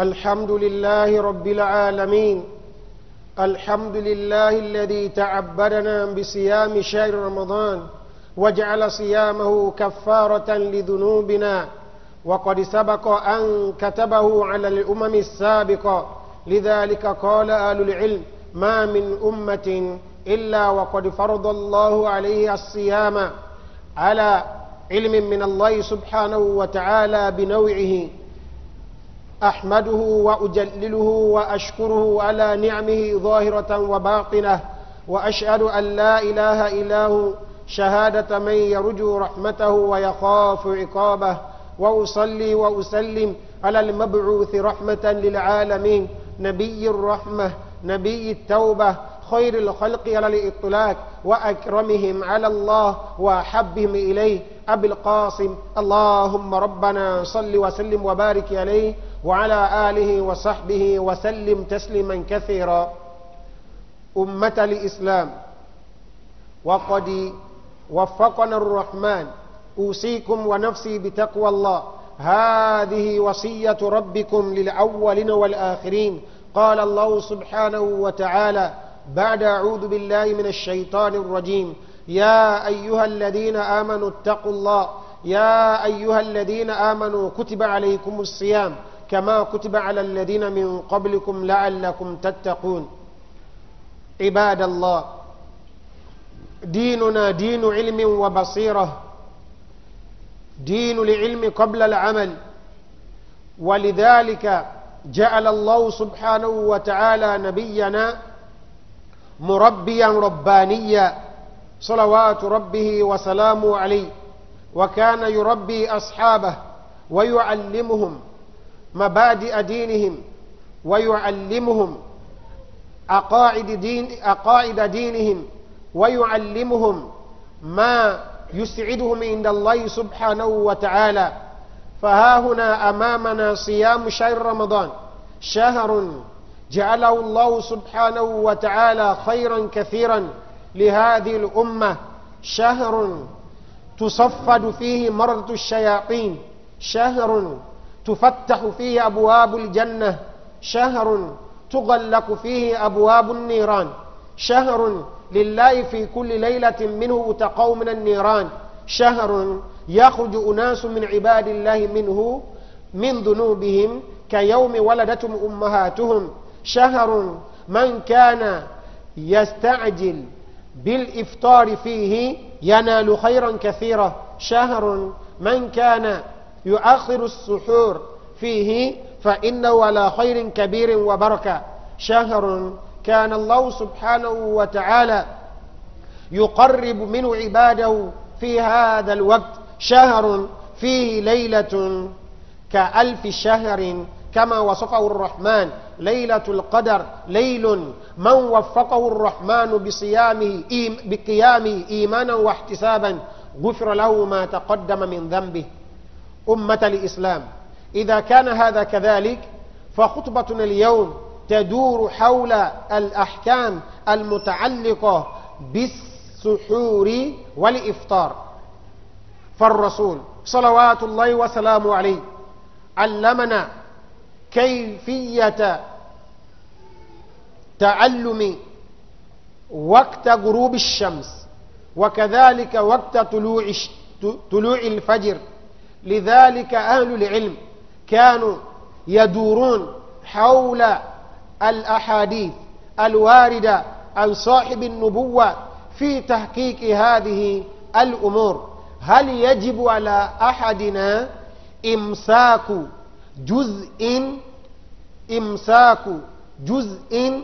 الحمد لله رب العالمين الحمد لله الذي تعبدنا بصيام شهر رمضان وجعل صيامه كفارة لذنوبنا وقد سبق أن كتبه على الأمم السابقة لذلك قال آل العلم ما من أمة إلا وقد فرض الله عليه الصيام على علم من الله سبحانه وتعالى بنوعه أحمده وأجلله وأشكره على نعمه ظاهرة وباطنة وأشهد أن لا إله إلا هو شهادة من يرجو رحمته ويخاف عقابه وأصلي وأسلم على المبعوث رحمة للعالمين نبي الرحمة نبي التوبة خير الخلق على الإطلاق وأكرمهم على الله وأحبهم إليه أبي القاسم اللهم ربنا صل وسلم وبارك عليه وعلى آله وصحبه وسلم تسليما كثيرا أمة الإسلام وقد وفقنا الرحمن أوصيكم ونفسي بتقوى الله هذه وصية ربكم للأولين والآخرين قال الله سبحانه وتعالى بعد أعوذ بالله من الشيطان الرجيم يا أيها الذين آمنوا اتقوا الله يا أيها الذين آمنوا كتب عليكم الصيام كما كتب على الذين من قبلكم لعلكم تتقون عباد الله ديننا دين علم وبصيرة دين العلم قبل العمل ولذلك جعل الله سبحانه وتعالى نبينا مربيا ربانيا صلوات ربه وسلامه عليه وكان يربي أصحابه ويعلمهم مبادئ دينهم ويعلمهم أقاعد, دين أقاعد دينهم ويعلمهم ما يسعدهم عند الله سبحانه وتعالى فها هنا أمامنا صيام شهر رمضان شهر جعله الله سبحانه وتعالى خيرا كثيرا لهذه الأمة شهر تصفد فيه مرض الشياطين شهر تفتح فيه أبواب الجنة شهر تغلق فيه أبواب النيران شهر لله في كل ليلة منه أتقوا من النيران شهر يخرج أناس من عباد الله منه من ذنوبهم كيوم ولدتهم أمهاتهم شهر من كان يستعجل بالإفطار فيه ينال خيرا كثيرا شهر من كان يؤخر السحور فيه فإنه على خير كبير وبركة شهر كان الله سبحانه وتعالى يقرب من عباده في هذا الوقت شهر فيه ليلة كألف شهر كما وصفه الرحمن ليلة القدر ليل من وفقه الرحمن بصيامه بقيامه إيمانا واحتسابا غفر له ما تقدم من ذنبه أمة الإسلام إذا كان هذا كذلك فخطبتنا اليوم تدور حول الأحكام المتعلقة بالسحور والإفطار فالرسول صلوات الله وسلامه عليه علمنا كيفية تعلم وقت غروب الشمس وكذلك وقت طلوع طلوع الفجر لذلك أهل العلم كانوا يدورون حول الأحاديث الواردة عن صاحب النبوة في تحقيق هذه الأمور هل يجب على أحدنا إمساك جزء إمساك جزء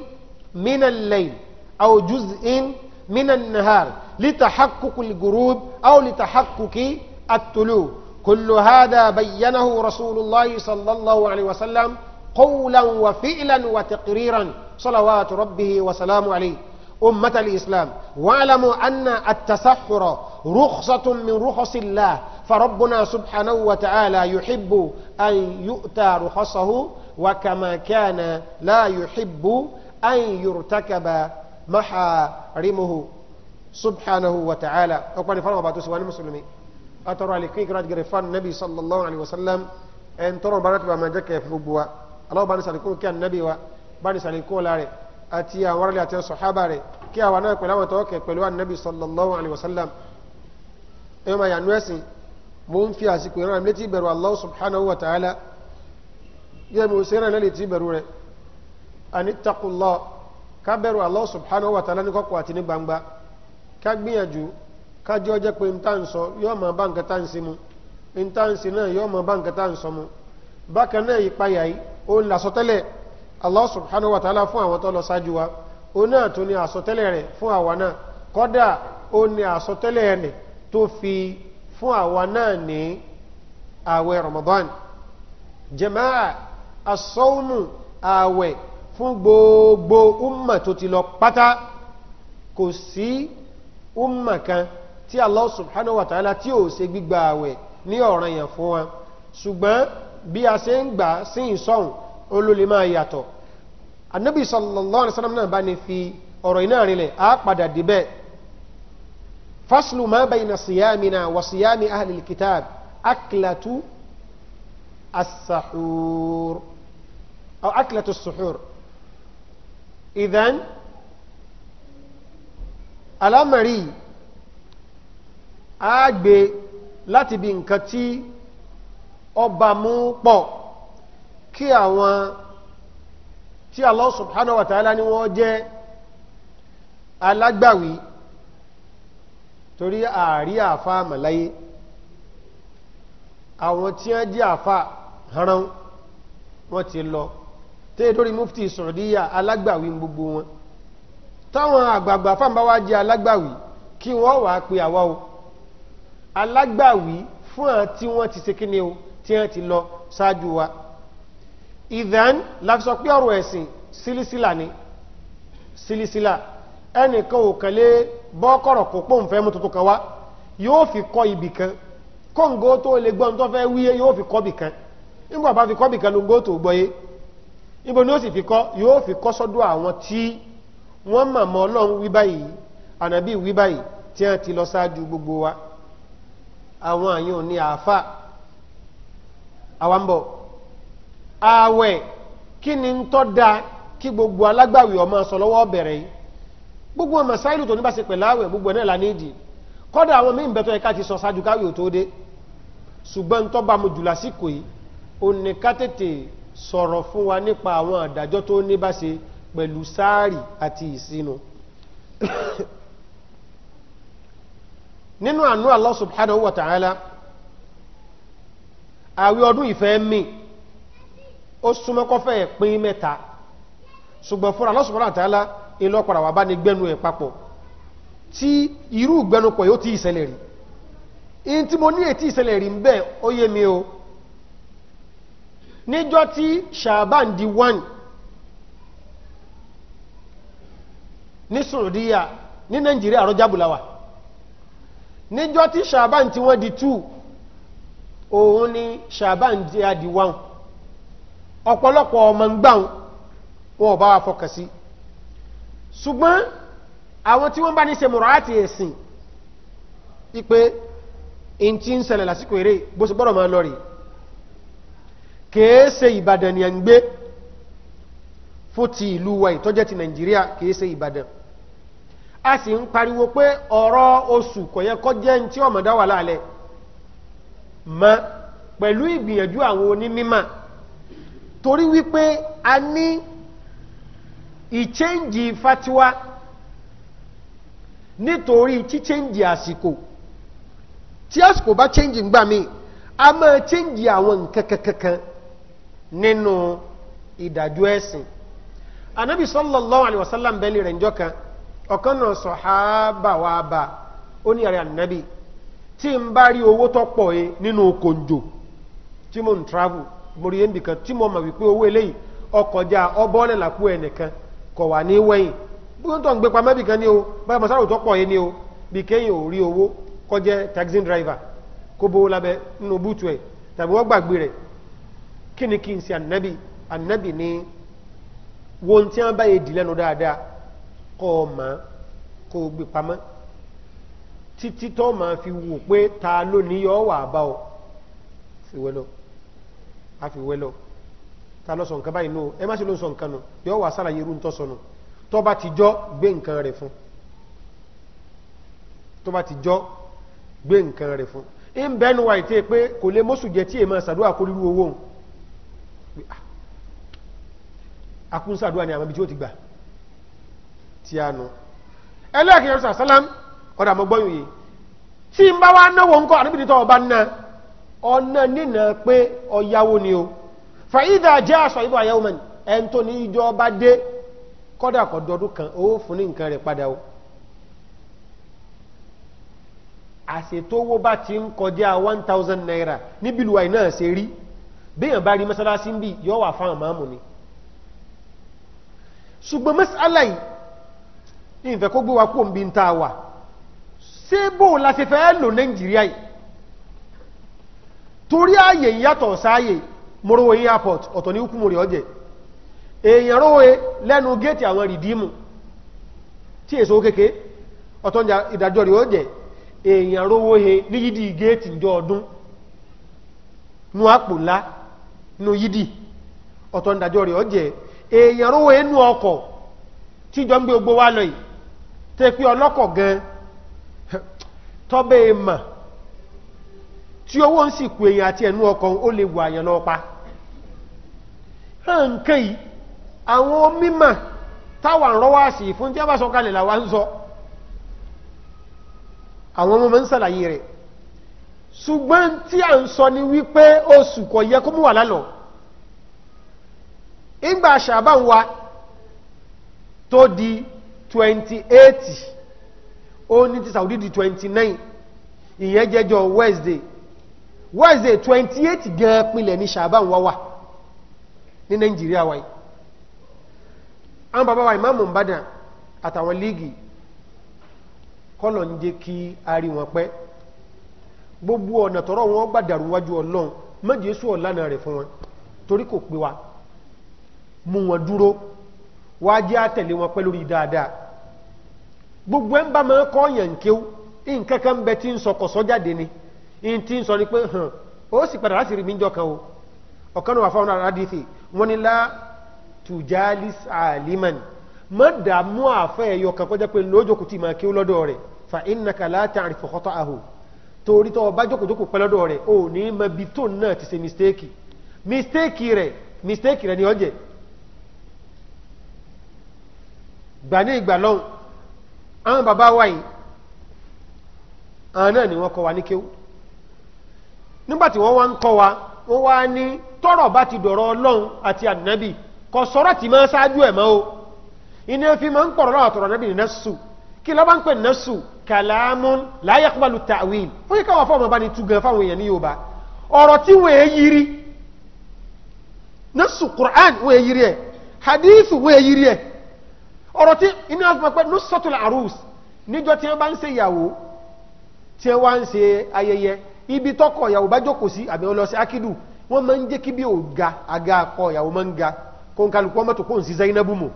من الليل أو جزء من النهار لتحقق الجروب أو لتحقق الطلوع كل هذا بينه رسول الله صلى الله عليه وسلم قولا وفعلا وتقريرا صلوات ربه وسلامه عليه أمة الإسلام واعلموا أن التسحر رخصة من رخص الله فربنا سبحانه وتعالى يحب أن يؤتى رخصه وكما كان لا يحب أن يرتكب محارمه سبحانه وتعالى أقول فرما بعد سواء المسلمين atọrọ alikun kira gẹrẹ fan nabi sallallahu alaihi wasallam ẹn tọrọ baara ti ba ma jẹ kẹ gbogbo wa alaw bani salikun kí an nabi wa bani salikun la rẹ àti àwọn arìnrìn àti sọ̀hábà rẹ kí àwọn náà pẹ̀lú àwọn tọwọ́kẹ̀ pẹ̀lú anabi sallallahu alaihi wasallam ẹ̀yọ́ ma yànnú ẹ̀sìn mo ń fi àsìkò ìran àmì létí ìbẹ̀rù allah subhanahu wa ta'ala yẹ́ mi ò sẹ́ràn náà létí ìbẹ̀rù rẹ̀ àní taqullah ká bẹ̀rù allah subhanahu wa ta'ala ní kọ̀kọ̀ àti ní gbangba ká gbìyànjú kájọ́ jẹ́ pé n tá ń sọ yóò máa bá nǹkan tá ń se mu n tá ń se náà yóò máa bá nǹkan tá ń sọ mu bákan náà ìpayà yìí ó ń la sọtẹ́lẹ̀ Allah subhanahu wa ta'ala fún àwọn tó lọ ṣáájú wa ó náà tó ní àsọtẹ́lẹ̀ rẹ̀ fún àwa náà kọ́dà ó ní àsọtẹ́lẹ̀ rẹ̀ tó fi fún àwa náà ní ààwẹ̀ Ramadan jẹ̀máà asọ́ọ̀mù ààwẹ̀ fún gbogbo umma tó ti lọ pátá kò sí umma kan tí Allah subhanahu wa ta'ala tí ò ṣe gbígba àwẹ̀ ní ọ̀ràn yẹn fún wa ṣùgbọ́n bí a ṣe ń gbà sí ìsọ̀hún olólè máa yàtọ̀ anabi sallallahu alaihi wasallam náà bá ní fi ọ̀rọ̀ iná rinlẹ̀ á padà débẹ̀ faslu ma bayna siyamina wa siyami ahli alkitab aklatu as-sahur aw aklatu as-suhur idhan a gbé láti bí nǹkan tí ọba mú pọ̀ kí àwọn tí Allah subhanahu wa ta'ala ni wọ́n jẹ́ alágbàwí torí ààrí àfá màláyé àwọn tí wọ́n jẹ́ àfá haran wọ́n ti lọ tẹ́ẹ̀dórí mufti sọ̀rọ̀díyà alágbàwí gbogbo wọn táwọn àgbààgbà fáǹbáwá jẹ́ alágbàwí kí wọ́n wà á pe alágbàwí fún àwọn tí wọ́n ti ṣe kí ni o tí wọ́n ti lọ ṣáájú wa ìdán láfisọ pé ọ̀rọ̀ ẹ̀sìn sílísílà ni sílísílà ẹnìkan ò kàn lé bọ́kọ̀rọ̀ kó pọ̀ nfẹ́ mú tuntun kan wá yóò fi kọ́ ibì kan kóńgó tó lè gbọ́n tó fẹ́ wíyé yóò fi kọ́ bì kan nígbà bá fi kọ́ bì kan ló ń gó tó gbọ́ yé níbo ni ó sì fi kọ́ yóò fi kọ́ sọ́dọ̀ àwọn tí wọ́n mọ̀mọ́ ọlọ́run wí báyìí ànàbí wí báyìí tí wọ́n ti lọ ṣáájú gbogbo wa àwọn àyàn ní àáfà àwambọ̀ ààwẹ̀ kí ni ń tọ́ da kí gbogbo alágbàwì ọmọ sọ lọ́wọ́ bẹ̀rẹ̀ yìí gbogbo màsáìlù tó ní bá ṣe pẹ̀láwẹ̀ gbogbo náà la nídìí kọ́dà àwọn míì bẹ̀tọ̀ ẹ̀ka ti sọ ṣáájú káwé ò tó dé ṣùgbọ́n tó bá mu jù lásìkò yìí ó ní ká tètè sọ̀rọ̀ fún wa nípa àwọn àdájọ́ tó ní bá ṣe pẹ̀lú sáàrì àti ìsinu nínú àánú Allah subhanahu wa ta'ala àwẹ̀ ọdún ìfẹ́ mi ó súnmọ́ kọ́fẹ́ pín mẹ́ta ṣùgbọ́n fúnra Allah subhanahu wa ta'ala ìlọ́pàá wà bá ní gbẹ́nu ẹ̀ papọ̀ tí irú gbẹnupọ̀ yóò ti ìṣẹ̀lẹ̀ rí in tí mo ní ètí ìṣẹ̀lẹ̀ rí ń bẹ ó mi o níjọ́ tí ṣàbán di 1 ní sùrùdíyà ní nàìjíríà rọjábùláwà níjọ́ tí ṣàbán tí wọ́n di two òun ni ṣàbán tí a di one ọ̀pọ̀lọpọ̀ ọmọ ń gbà wọn ò bá wa fọkàn sí ṣùgbọ́n àwọn tí wọ́n bá ní ṣe mọ̀rọ̀ àti ẹ̀sìn ipe n ti ń ṣẹlẹ̀ lásìkò eré bó ṣe gbọ́dọ̀ máa lọ rè kèé ṣe ìbàdàn ni à ń gbé fún ti ìlú wa ìtọ́jẹ́ ti nàìjíríà kèé ìbàdàn a sì ń pariwo pé ọ̀rọ̀ oṣù kò yẹ kó jẹ́ ní tí ọ̀mọ̀dá wà lálẹ́ mọ́ pẹ̀lú ìgbìyànjú àwọn onímímà torí wípé a ní ìchéǹjì fatiwa nítorí chíchéǹjì àsìkò tí àsìkò bá chéǹjì ń gbà mí a máa chéǹjì àwọn nǹkan kankan nínú ìdájọ́ ẹ̀sìn anabi sallallahu alayhi wa sallam bẹ́ẹ̀ rẹ̀ ń jọ́ kan. ọ̀kan náà sọ̀háábà wa bá ó ní àrẹ ànábì tí n bá rí owó tó pọ̀ e nínú kòǹjò tí mo ń travel mo rí ẹnbì kan tí mo mọ̀ wípé owó eléyìí ọkọjá ọbọ̀ọ́lẹ̀ làkú ẹnìkan kọ̀ wà ní wẹ́yìn kan ní o báyọ̀ mọ̀sálò tó pọ̀ e ní o bí kéyìn ò rí owó taxi driver kó bó labẹ́ nínú ẹ̀ tàbí wọ́n gbàgbé rẹ̀ kí ni kí n ṣe ànábì ànábì kọ́ ọ mà kó o gbé pamọ́ títí tó máa fi wò pé ta ló ní yọ wà bá ọ fi wẹ́lọ́ a fi wẹ́lọ́ ta lọ sọ nǹkan báyìí nù ẹ má ṣe ló ń sọ nǹkan nù yọ wà sàlàyé irú ń tọ́ sọnù tó bá ti jọ gbé nǹkan rẹ̀ fún tó bá ti jọ gbé nǹkan rẹ̀ fún ń bẹ́nu wa ìtẹ́ pé kò lè mọ́sù jẹ tí èèmọ̀ sàdúrà kó rírú owó òun akúnsàdúrà ah. ni àwọn ibi tí ó ti gbà tí a nu ẹlẹ́ẹ̀kì yẹn sàlám ọ̀dà mọ́ gbọ́yìn yìí tí n bá wá náwó ńkọ́ àdúgbò tó ọba ná ọ̀nà nínà pé ọ̀yáwó ni o fa ìdá jẹ́ aṣọ ìbò àyẹ̀wò mẹ́ni ẹni tó ní ìjọ ọba dé kọ́dà kọ́ dọdún kan ó fún ní nǹkan rẹ̀ padà o àṣetówó bá ti ń kọjá one thousand naira níbi ìlú àìná ṣe rí béèyàn bá rí mọ́sálásí ń bì yọ wà fáwọn máàmù ni ṣùgbọ́n mọ́sálá yìí ìfẹ́ kó gbé wa kó ń bí ta wà ṣé bó la ṣe fẹ́ lò nàìjíríà yìí torí ààyè ìyàtọ̀ sáàyè morowe airport ọ̀tọ̀ ní hukumori ọjẹ́ èèyàn rówe lẹ́nu géètì àwọn rìdíìmù tí èso kéke ọ̀tọ̀ ìdájọ́ rí ọjẹ́ èèyàn rówe ní yídì géètì ìjọ ọdún nú àpò ńlá nú yídì ọ̀tọ̀ ìdájọ́ ọjẹ́ èèyàn rówe nú ọkọ̀ tíjọ ń gbé gbogbo wa lọ yìí tẹ́ pé ọlọ́kọ̀ gan tọ́bẹ̀ mà tí owó ń sìnkú èyàn àti ẹ̀nú ọkọ̀ ó lè àyàn lọ́pa nǹkan yìí àwọn táwà ń rọ́wọ́ àṣì fún tí a bá sọ kalẹ̀ làwa ń sọ àwọn ọmọ mọ́ ń rẹ̀ ṣùgbọ́n a ń sọ ni wípé oṣù kò yẹ kó mú wà lálọ́ ìgbà àṣà bá ń wa tó di twenty eight ó ní ti Saudi di twenty nine ìyẹn jẹjọ Wednesday Wednesday twenty eight gan pinlẹ̀ ní Ṣàbán wá wà ní Nàìjíríà wáyé àwọn bàbá wa ìmáàmù Ìbàdàn àtàwọn líìgì kọ́lọ̀ ń jẹ́ kí a rí wọn pẹ́ gbogbo ọ̀nà tọ́rọ wọn gbà dàrú wájú Ọlọ́run méje sùn ọ̀lànà rẹ̀ fún wọn torí kò pé wa mú wọn dúró wá àtẹ̀lé wọn pẹ́ lórí dáadáa gbogbo ẹ̀ ń bá máa kọ́ yàn kéw nǹkan kan bẹ tí ń sọ kọ̀sọ́ jáde ni n ti ń sọ ni pé hàn ó sì padà láti rí mi jọ kan o ọ̀kan wà fáwọn àdìsí wọn ni lá tujalis alimani má dààmú àfẹ́ ẹ̀yọ kan kọjá pé lójókòó tì máa kéw lọ́dọ̀ rẹ̀ fa innaka la ta'rifu khata'ahu torí tó bá jókòjókò pẹ́ lọ́dọ̀ rẹ̀ ò ní ma bi tó náà ti ṣe mistake mistake rẹ̀ mistake rẹ̀ ni ó jẹ́ gbà ní ìgbà lọ́hùn àwọn bàbá wa yìí àwọn náà ni wọ́n kọ́ wa ní kéwú nígbàtí wọ́n wá ń kọ́ wa wọ́n wá ní tọ́rọ̀ bá ti dọ̀rọ̀ ọlọ́run àti ànábì kò sọ̀rọ̀ tí máa ṣáájú ẹ̀ mọ́ o iná fi máa ń pọ̀rọ̀ náà tọ̀rọ̀ ànábì nẹ́sù kí lọ́ba ń pè nẹ́sù kàlámù la yaqbalu ta'wil fún yíká wọn fọ́ọ̀mù bá ní túgan fáwọn èèyàn ní yorùbá ọ̀rọ̀ tí wọ́n èyí rí nẹ́sù Qur'an wọ́n èyí rí ẹ̀ hadithu wọ́n èyí rí ẹ̀ ọ̀rọ̀ tí inú àfihàn pé ló sọ́tùlà arús níjọ tí wọ́n bá ń ṣe ìyàwó tí wọ́n ń ṣe ayẹyẹ ibi tọkọ ìyàwó bá jókòó sí àbí ọlọ́sí akídù wọ́n máa ń jẹ́ kí bí ò ga àga akọ ìyàwó máa ń ga kó n kálukú ọmọ tó kó n sí Zainabu mọ̀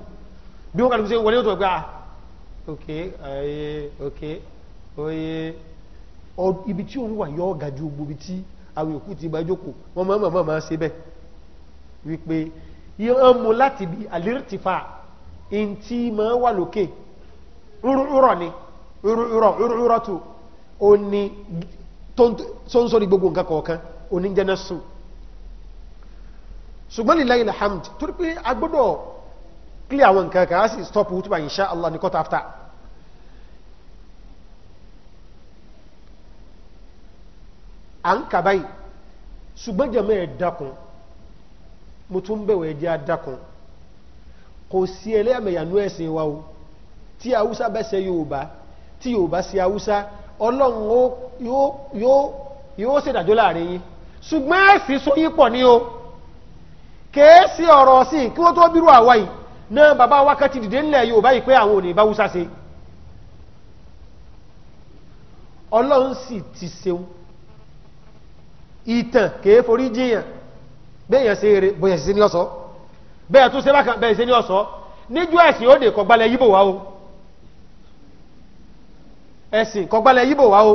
bí wọ́n kálukú ṣe wọlé tó gbà ah, ok ayé ok oyé ibi tí òun wà yọ ọ̀gá ju gbogbo ibi tí àwọn òkú ti bá jókòó wọ́n máa ń máa ṣe ntí máa wà lókè rúrọ̀ ni rúrọ̀ rúrọ̀ tó o ní sọ́nsọ́ ní gbogbo nǹkan kọ̀ọ̀kan oníjẹ́nà sùn ṣùgbọ́n lillahi alhamd tó rí pé a gbọ́dọ̀ clear àwọn nǹkan kan a sì stop hutuba insha Allah ní cut after à ń kàbáyì ṣùgbọ́n jẹ́mọ́ ẹ̀ dákun mo tún bẹ̀wẹ̀ ẹ̀jẹ̀ dákun kò sí ẹlẹ́yàmẹ̀yànú ẹ̀sìn wa o tí haúsá bẹ́ ṣe tí yorùbá ṣe haúsá ọlọ́run yóò ṣèdájọ́ láàrin ṣùgbọ́n ẹ̀sìn so pọ̀ ní o kèé ọ̀rọ̀ kí wọ́n tó bírú àwa yìí náà ti dìde ńlẹ̀ yorùbá yìí pé àwọn ò ní bá ti ṣeun ìtàn kèé forí jiyàn bẹ́ẹ̀ yẹn bẹ́ẹ̀ tún ṣe bákan bẹ́ẹ̀ ṣe ní ọ̀sọ́ níjú ẹ̀sìn ó dè kọ̀gbálẹ̀ yíbò wá o ẹ̀sìn kọ̀gbálẹ̀ yíbò wá o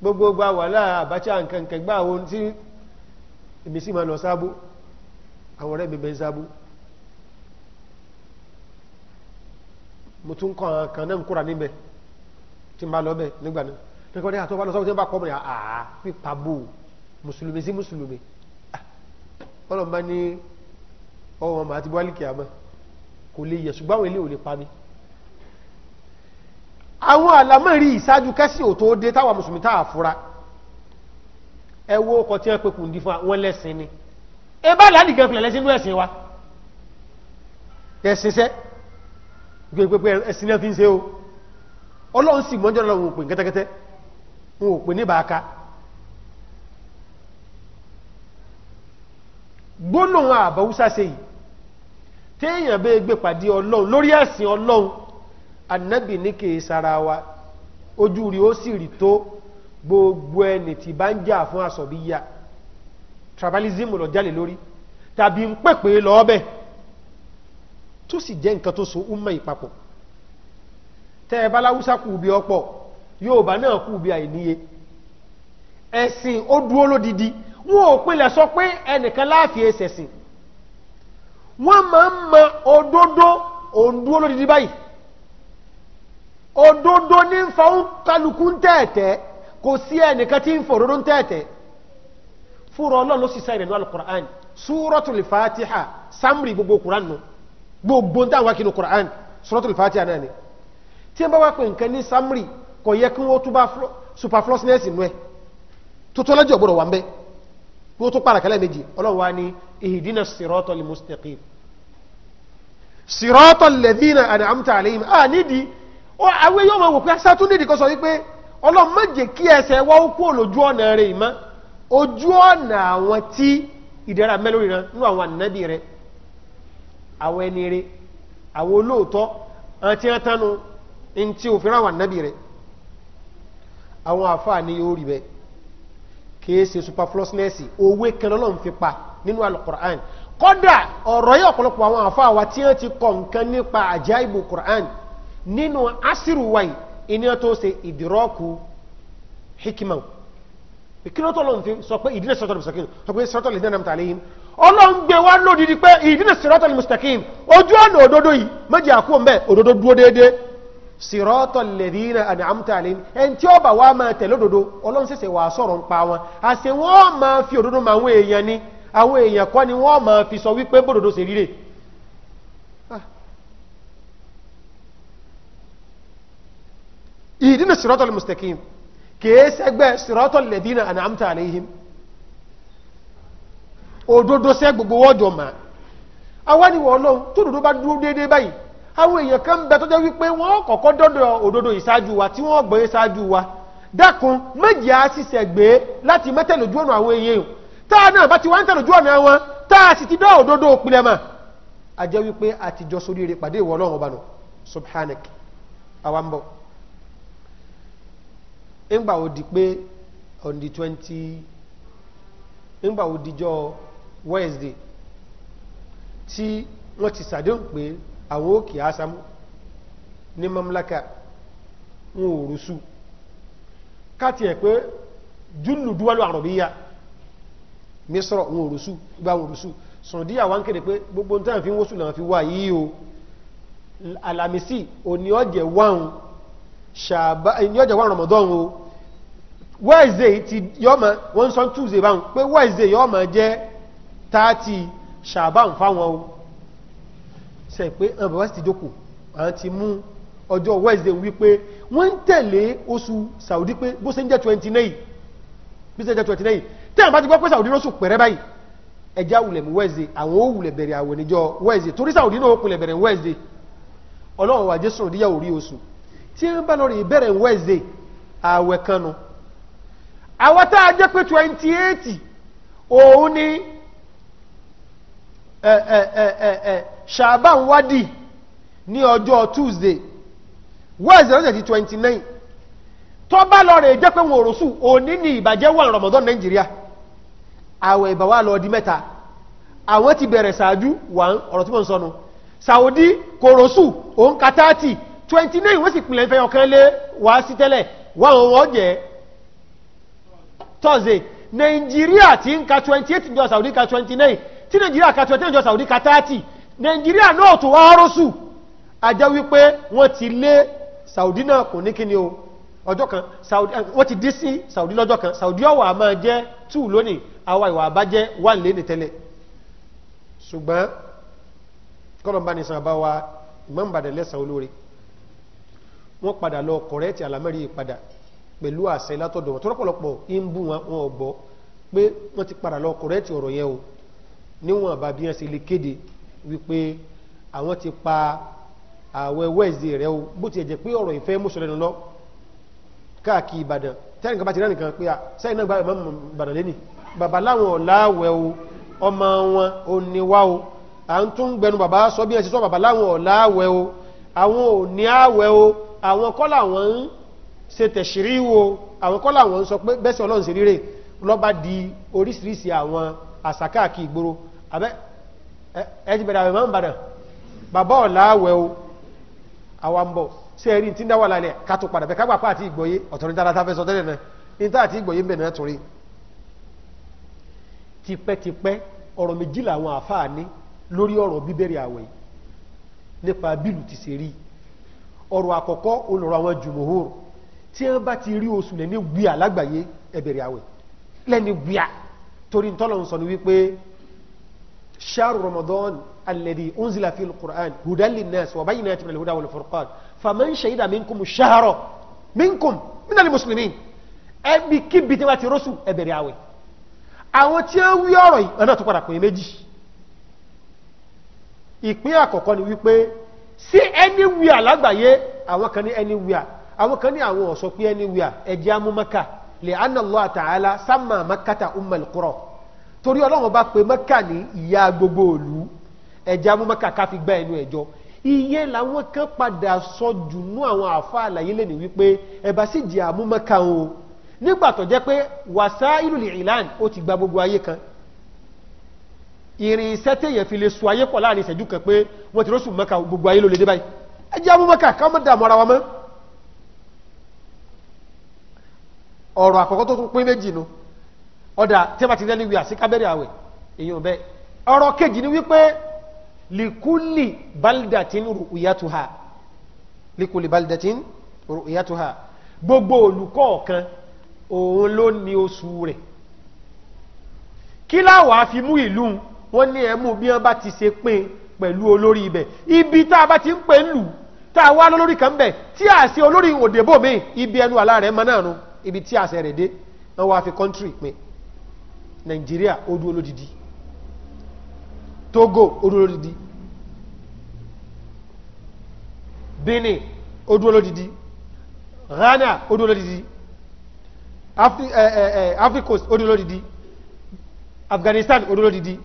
gbogbo gba wàhálà àbáchá nkankan gbá àwọn tí èmi sì máa lọ sábú àwọn ọ̀rẹ́ mi bẹ́ sábú mo tún kọ́ àwọn kan náà ń kóra níbẹ̀ tí n bá lọ bẹ̀ nígbà náà nígbà náà àtọ́wọ́ bá lọ sábú tí n bá kọ́ mi àá pípa bò mùsùlùmí sí mùsùlùmí ah, ọlọ́mọba ní ọwọ́ ma ti bọ́ọ̀lì kìámọ́ kò lè yẹ̀ ṣùgbọ́n àwọn ilé ò lè pa mí àwọn àlámọ̀rí ìsáájú kẹ́sì ò tó dé táwọn mùsùlùmí táà fura ẹ wo ọkọ̀ tí wọ́n pe kùndí fún wọn lẹ́sìn ni ẹ bá láàdì gan filẹ̀ lẹ́sìn inú ẹ̀sìn wa ẹ̀sìn sẹ́ gbẹgbẹgbẹ ẹ̀sìn náà fi ń ṣe o ọlọ́run sì mọ́jọ́ lọ wọn ò pè ní kẹ́tẹ́kẹ́tẹ́ ò pè ní bàákà gbóná àbáwúsá ṣe téèyàn bẹ́ẹ̀ gbé pàdé ọlọ́run lórí ẹ̀sìn ọlọ́run ànábì ní kìí sara wa ojú rí ó sì rí tó gbogbo ẹni tí bá ń jà fún àsọ̀bíyà tribalism lọ jálè lórí tàbí ń pèpè lọ́ọ́bẹ̀ tó sì jẹ́ nǹkan tó so umma ìpapọ̀ tẹ́ ẹ bá láwùsá kù bí ọ̀pọ̀ Yorùbá náà kù bí àìníye ẹ̀sìn ó dúró lódidi wọn ò pinlẹ̀ sọ pé ẹnìkan láàfin ẹsẹ̀ sìn wọ́n máa ń mọ òdodo òǹdúró lórí di báyìí òdodo ní ń fa ó kálukú ń tẹ̀ẹ̀tẹ̀ kò sí ẹnìkan tí ń fọ òdodo ń tẹ̀ẹ̀tẹ̀ fúnra ọlọ́run ló ṣiṣẹ́ ìrìnà alukur'an súrọ́tùlì fatiha sámrì gbogbo kur'an nù gbogbo ń dáhùn akínú kur'an súrọ́tùlì fàtíhà náà ni tí ń bá wá pé nǹkan ní sámrì kò yẹ kí wọ́n tún bá superfluousness nù ẹ tó tọ́lájú ọ̀gbọ́dọ̀ wà ń bẹ́ẹ̀ bó tó pàrà kẹlẹ́ méjì ọlọ́run wá ní ihdina sirọ́tọ̀ lè mustaqim sirọ́tọ̀ lẹ́dínà àdàmúta àlẹ́yìn à nídìí ó àwọn yóò máa wò pé sátú nídìí kó sọ wípé ọlọ́run má jẹ́ kí ẹsẹ̀ wá ó kú olójú ọ̀nà rẹ̀ ìmá ojú ọ̀nà àwọn tí ìdẹ́ra mẹ́lórí rẹ̀ nínú àwọn ànábì rẹ̀ àwọn ẹni rẹ̀ àwọn olóòótọ́ àti àtànù ntí òfin àwọn ànábì rẹ̀ àwọn àfáà ni yóò rí bẹ́ẹ̀ kìí ṣe superfluousness òwe kan lọ́lọ́run fi pa nínú alukur'an kọ́dà ọ̀rọ̀ yìí ọ̀pọ̀lọpọ̀ àwọn àfáà wa tí wọ́n ti kọ̀ nǹkan nípa àjáìbù kur'an nínú asiru wáyé ìní tó ṣe ìdìrọ́kù hikiman ìkíni tó lọ́n fi sọ pé ìdínà sọ́tọ̀ mùsàkìm sọ pé sọ́tọ̀ lè dẹ́nà mùtàlẹ́yìn ọlọ́run gbé wá lódìdí pé ìdínà sọ́tọ̀ mùsàkìm ojú ọ̀nà òdodo yìí méjì àkúọ̀ mbẹ́ òdodo dúró déédéé sirọ́tọ̀ lẹ́dínà àdàmúta àlẹ́yìn ẹni tí ọba wa máa tẹ̀lé òdodo ọlọ́run ṣẹ̀ṣẹ̀ wàá sọ̀rọ̀ ń pa wọn àṣẹ wọn máa fi òdodo mọ àwọn èèyàn ni àwọn èèyàn kọ́ ni wọ́n máa fi sọ wípé bòdodo ṣe ríre. ìdínà ah. sirọ́tọ̀ mùsítẹ́kìm kìí sẹ́gbẹ́ sirọ́tọ̀ lẹ́dínà àdàmúta àlẹ́yìn òdodo sẹ́ wọ́ọ̀dọ̀ mà àwọn ìwọ̀ ọlọ́run tó òdodo bá dúró déédéé báyìí àwọn èèyàn kan bẹ tó jẹ́ wípé wọ́n kọ́kọ́ dọ́dọ̀ òdodo ìṣáájú wa tí wọ́n gbọ́ ìṣáájú wa dákun méjì á sì sẹ̀gbé láti mẹ́tẹ̀lójú ọ̀nà àwọn èèyàn tá a náà bá ti wá ń tẹ̀lójú ọ̀nà wọn tá a sì ti dọ́ òdodo òpìlẹ̀ mà á jẹ́ wípé àtijọ́ sórí rẹ̀ pàdé ìwọ ọlọ́run ọba nù subhanak àwa ń bọ̀ ńgbà ó di pé on the twenty ńgbà ó wednesday tí wọ́n ti sàdéhùn Awo òkè asamu ní mamlaka wọn ò rúsù káti ẹ̀ pé júlù dúwálù àrọ̀bíyà mísọ̀rọ̀ wọn ò rúsù gbá wọn rúsù sọ̀díyà wá ń kéde pé gbogbo tán fi ń wóṣù náà fi wà yìí o alamisi òní ọjẹ̀ wáhùn ṣàbá ní ọjẹ̀ wáhùn ramadan o wednesday ti yọ́mà wọ́n sọ tuesday báhùn pé wednesday yọ́mà jẹ́ 30 ṣàbá ń fáwọn o sẹ pé àwọn bàbá sì ti jókòó àwọn ti mú ọjọ́ wednesday wípé wọ́n ń tẹ̀lé oṣù saudi pé bó ṣe ń jẹ́ twenty nine bí ṣe ń jẹ́ twenty nine tẹ́yàn bá ti gbọ́ pé saudi lóṣù pẹ̀rẹ́ báyìí ẹja wulẹ̀ mú wednesday àwọn ó wulẹ̀ bẹ̀rẹ̀ àwẹ̀ níjọ́ wednesday torí saudi náà ó kulẹ̀ bẹ̀rẹ̀ wednesday ọlọ́run wà jésù òdíyà orí oṣù tí ń bá lọ rí bẹ̀rẹ̀ wednesday àwẹ̀ kan nu àwọn tá a jẹ́ pé twenty eight òun ni ẹ ẹ ẹ ẹ ẹ ṣàbán Wadi, ní ọjọ́ tuesday wednesday lọ́sẹ̀ ti twenty nine tó bá lọ rè jẹ́ pé wọn ò rọ́sù òní ni ìbàjẹ́ wà ramadan nàìjíríà àwẹ̀ ìbáwá lọ di mẹ́ta àwọn ti bẹ̀rẹ̀ ṣáájú wà ọ̀rọ̀ tí mo ń sọnu saudi kò rọ́sù òun ka thirty twenty nine wọ́n sì pinlẹ̀ ìfẹ́ ọ̀kan lé wá sí tẹ́lẹ̀ wà wọn wọ́n jẹ́ thursday nàìjíríà ti ń ka twenty eight jọ saudi ka twenty nine tí nàìjíríà ka twenty nine jọ saudi ka thirty nàìjíríà náà tó wá rọ́sù ajá wípé wọ́n ti lé saudi náà kò ní kíni o ọjọ́ kan saudi eh, wọ́n ti dí sí saudi lọ́jọ́ kan saudi ọ̀wà máa jẹ́ two lónìí àwa ìwà àbájẹ́ one lé ní tẹ́lẹ̀ ṣùgbọ́n kọ́lọ̀mbá ní sàn bá wa ìmọ̀nbàdàn lẹ́sàn olóore wọ́n padà lọ kọ̀rẹ́ẹ̀tì àlámẹ́rí padà pẹ̀lú àṣẹ látọ̀dọ̀ wọn tọ́lọ́pọ̀lọpọ̀ ń bú wọn wọn ò gbọ́ pé wọ́n ti padà lọ kọ̀rẹ́ẹ̀tì ọ̀rọ̀ yẹn o níwọ̀n àbá bí wọ́n ṣe lè kéde wípé àwọn ti pa àwẹ̀ wẹ́ẹ̀sì rẹ̀ o bó ti ẹ̀jẹ̀ pé ọ̀rọ̀ ìfẹ́ mọ́sọ̀rẹ́nu lọ káàkiri ìbàdàn tẹ́nìkan bá ti rẹ́ nìkan pé sẹ́yìn náà gba ìmọ̀ ìbàdàn lẹ́nì bàbá láwọn ọ̀láwẹ̀ o ọmọ wọn ò ní wá o à ń tún gbẹnu bàbá sọ bí ẹ ti sọ bàbá láwọn ọ̀láwẹ̀ o àwọn ò ní àwẹ̀ o àwọn kọ́ làwọn ń ṣe tẹ̀sírí wo àwọn kọ́ làwọn ń sọ pé bẹ́sẹ̀ ọlọ́run ṣe ríre lọ́ba di oríṣiríṣi àwọn àṣà káàkiri ìgboro ẹ ti bẹ̀rẹ̀ àwẹ̀ máa ń bàdàn bàbá ọ̀la àwẹ̀ o àwa ń bọ̀ sí ẹ̀rí tí ń dáwà lálẹ́ ká tó padà bẹ̀ ká gbà pa àti ìgbòye ọ̀tọ̀ ní dára tá a fẹ́ sọ tẹ́lẹ̀ náà ní tá àti ìgbòye ń bẹ̀ náà torí tipẹ́tipẹ́ ọ̀rọ̀ méjìlá àwọn àfáà ní lórí ọ̀rọ̀ bíbẹ̀rẹ̀ àwẹ̀ nípa bílù ti ṣe rí ọ̀rọ̀ àkọ́kọ́ olùrọ̀ àwọn jùmọ̀hóró tí wọ́n bá ti rí oṣù lẹ́ni gbìyà lágbàáyé ẹ̀bẹ̀rẹ̀ àwẹ̀ lẹ́ni gbìyà torí ntọ́lọ́ ń sọ ni wípé شهر رمضان الذي أنزل فيه القرآن هدى للناس وبينات من الهدى والفرقان فمن شهد منكم الشهر منكم من المسلمين ẹbí kíbi tí wọ́n ti rọ́sù ẹ̀bẹ̀rẹ̀ àwẹ̀ àwọn tí ó wí ọ̀rọ̀ yìí ọ̀nà tó padà pín méjì ìpín àkọ́kọ́ ni wípé sí anywhere lágbàáyé àwọn kan ní anywhere àwọn kan ní àwọn ọ̀sọ̀ pé anywhere ẹ̀jẹ̀ amúmọ́kà lè anna Allah ta'ala sama makata ummal qura torí ọlọ́run bá pe mẹ́kà ní ìyá gbogbo òlu ẹ̀já mú mẹ́kà ká fi gbá ẹnu ẹ̀jọ́ iye làwọn kan padà sọ jù nú àwọn àfa àlàyé lẹ́nu wípé ẹ̀bá sì jẹ́ àmú mẹ́kà o nígbà tó jẹ́ pé wàsá ìlú ìlànà ó ti gba gbogbo ayé kan ìrìn iṣẹ́ téèyàn fi lè so ayé pọ̀ láàrin ìṣẹ́jú kan pé wọ́n ti rọ́ṣù mẹ́kà gbogbo ayé ló lè dé báyìí ẹ̀já mú ká mọ́ dààmú ara wa mọ́ ọ̀rọ̀ àkọ́kọ́ tó tún pín méjì nu no ọ̀dà tí wọ́n ti rẹ́ ní wíwá sí kábẹ́rẹ́ àwẹ̀ èèyàn bẹ́ẹ̀ ọ̀rọ̀ kejì ni wípé likuli baldatin ru'yatuha likuli baldatin ru'yatuha gbogbo olùkọ́ kan òun ló ní oṣù rẹ̀ kí láwàá fi mú ìlú wọn ní ẹ̀mú bí wọ́n bá ti ṣe pín pẹ̀lú olórí ibẹ̀ ibi tá a bá ti ń pè ń lù tá a wá lólórí kan bẹ̀ tí a ṣe olórí òdèbò mi ibi ẹnu àlá rẹ̀ mọ́ náà nu ibi tí a ṣe rẹ̀ dé wọ́n wá fi kọ́ńtírì pín Nigeria ó dúró Togo ó dúró Benin ó dúró Ghana ó dúró lódìdí eh, eh, eh, Africa Coast ó dúró lódìdí Afghanistan ó dúró lódìdí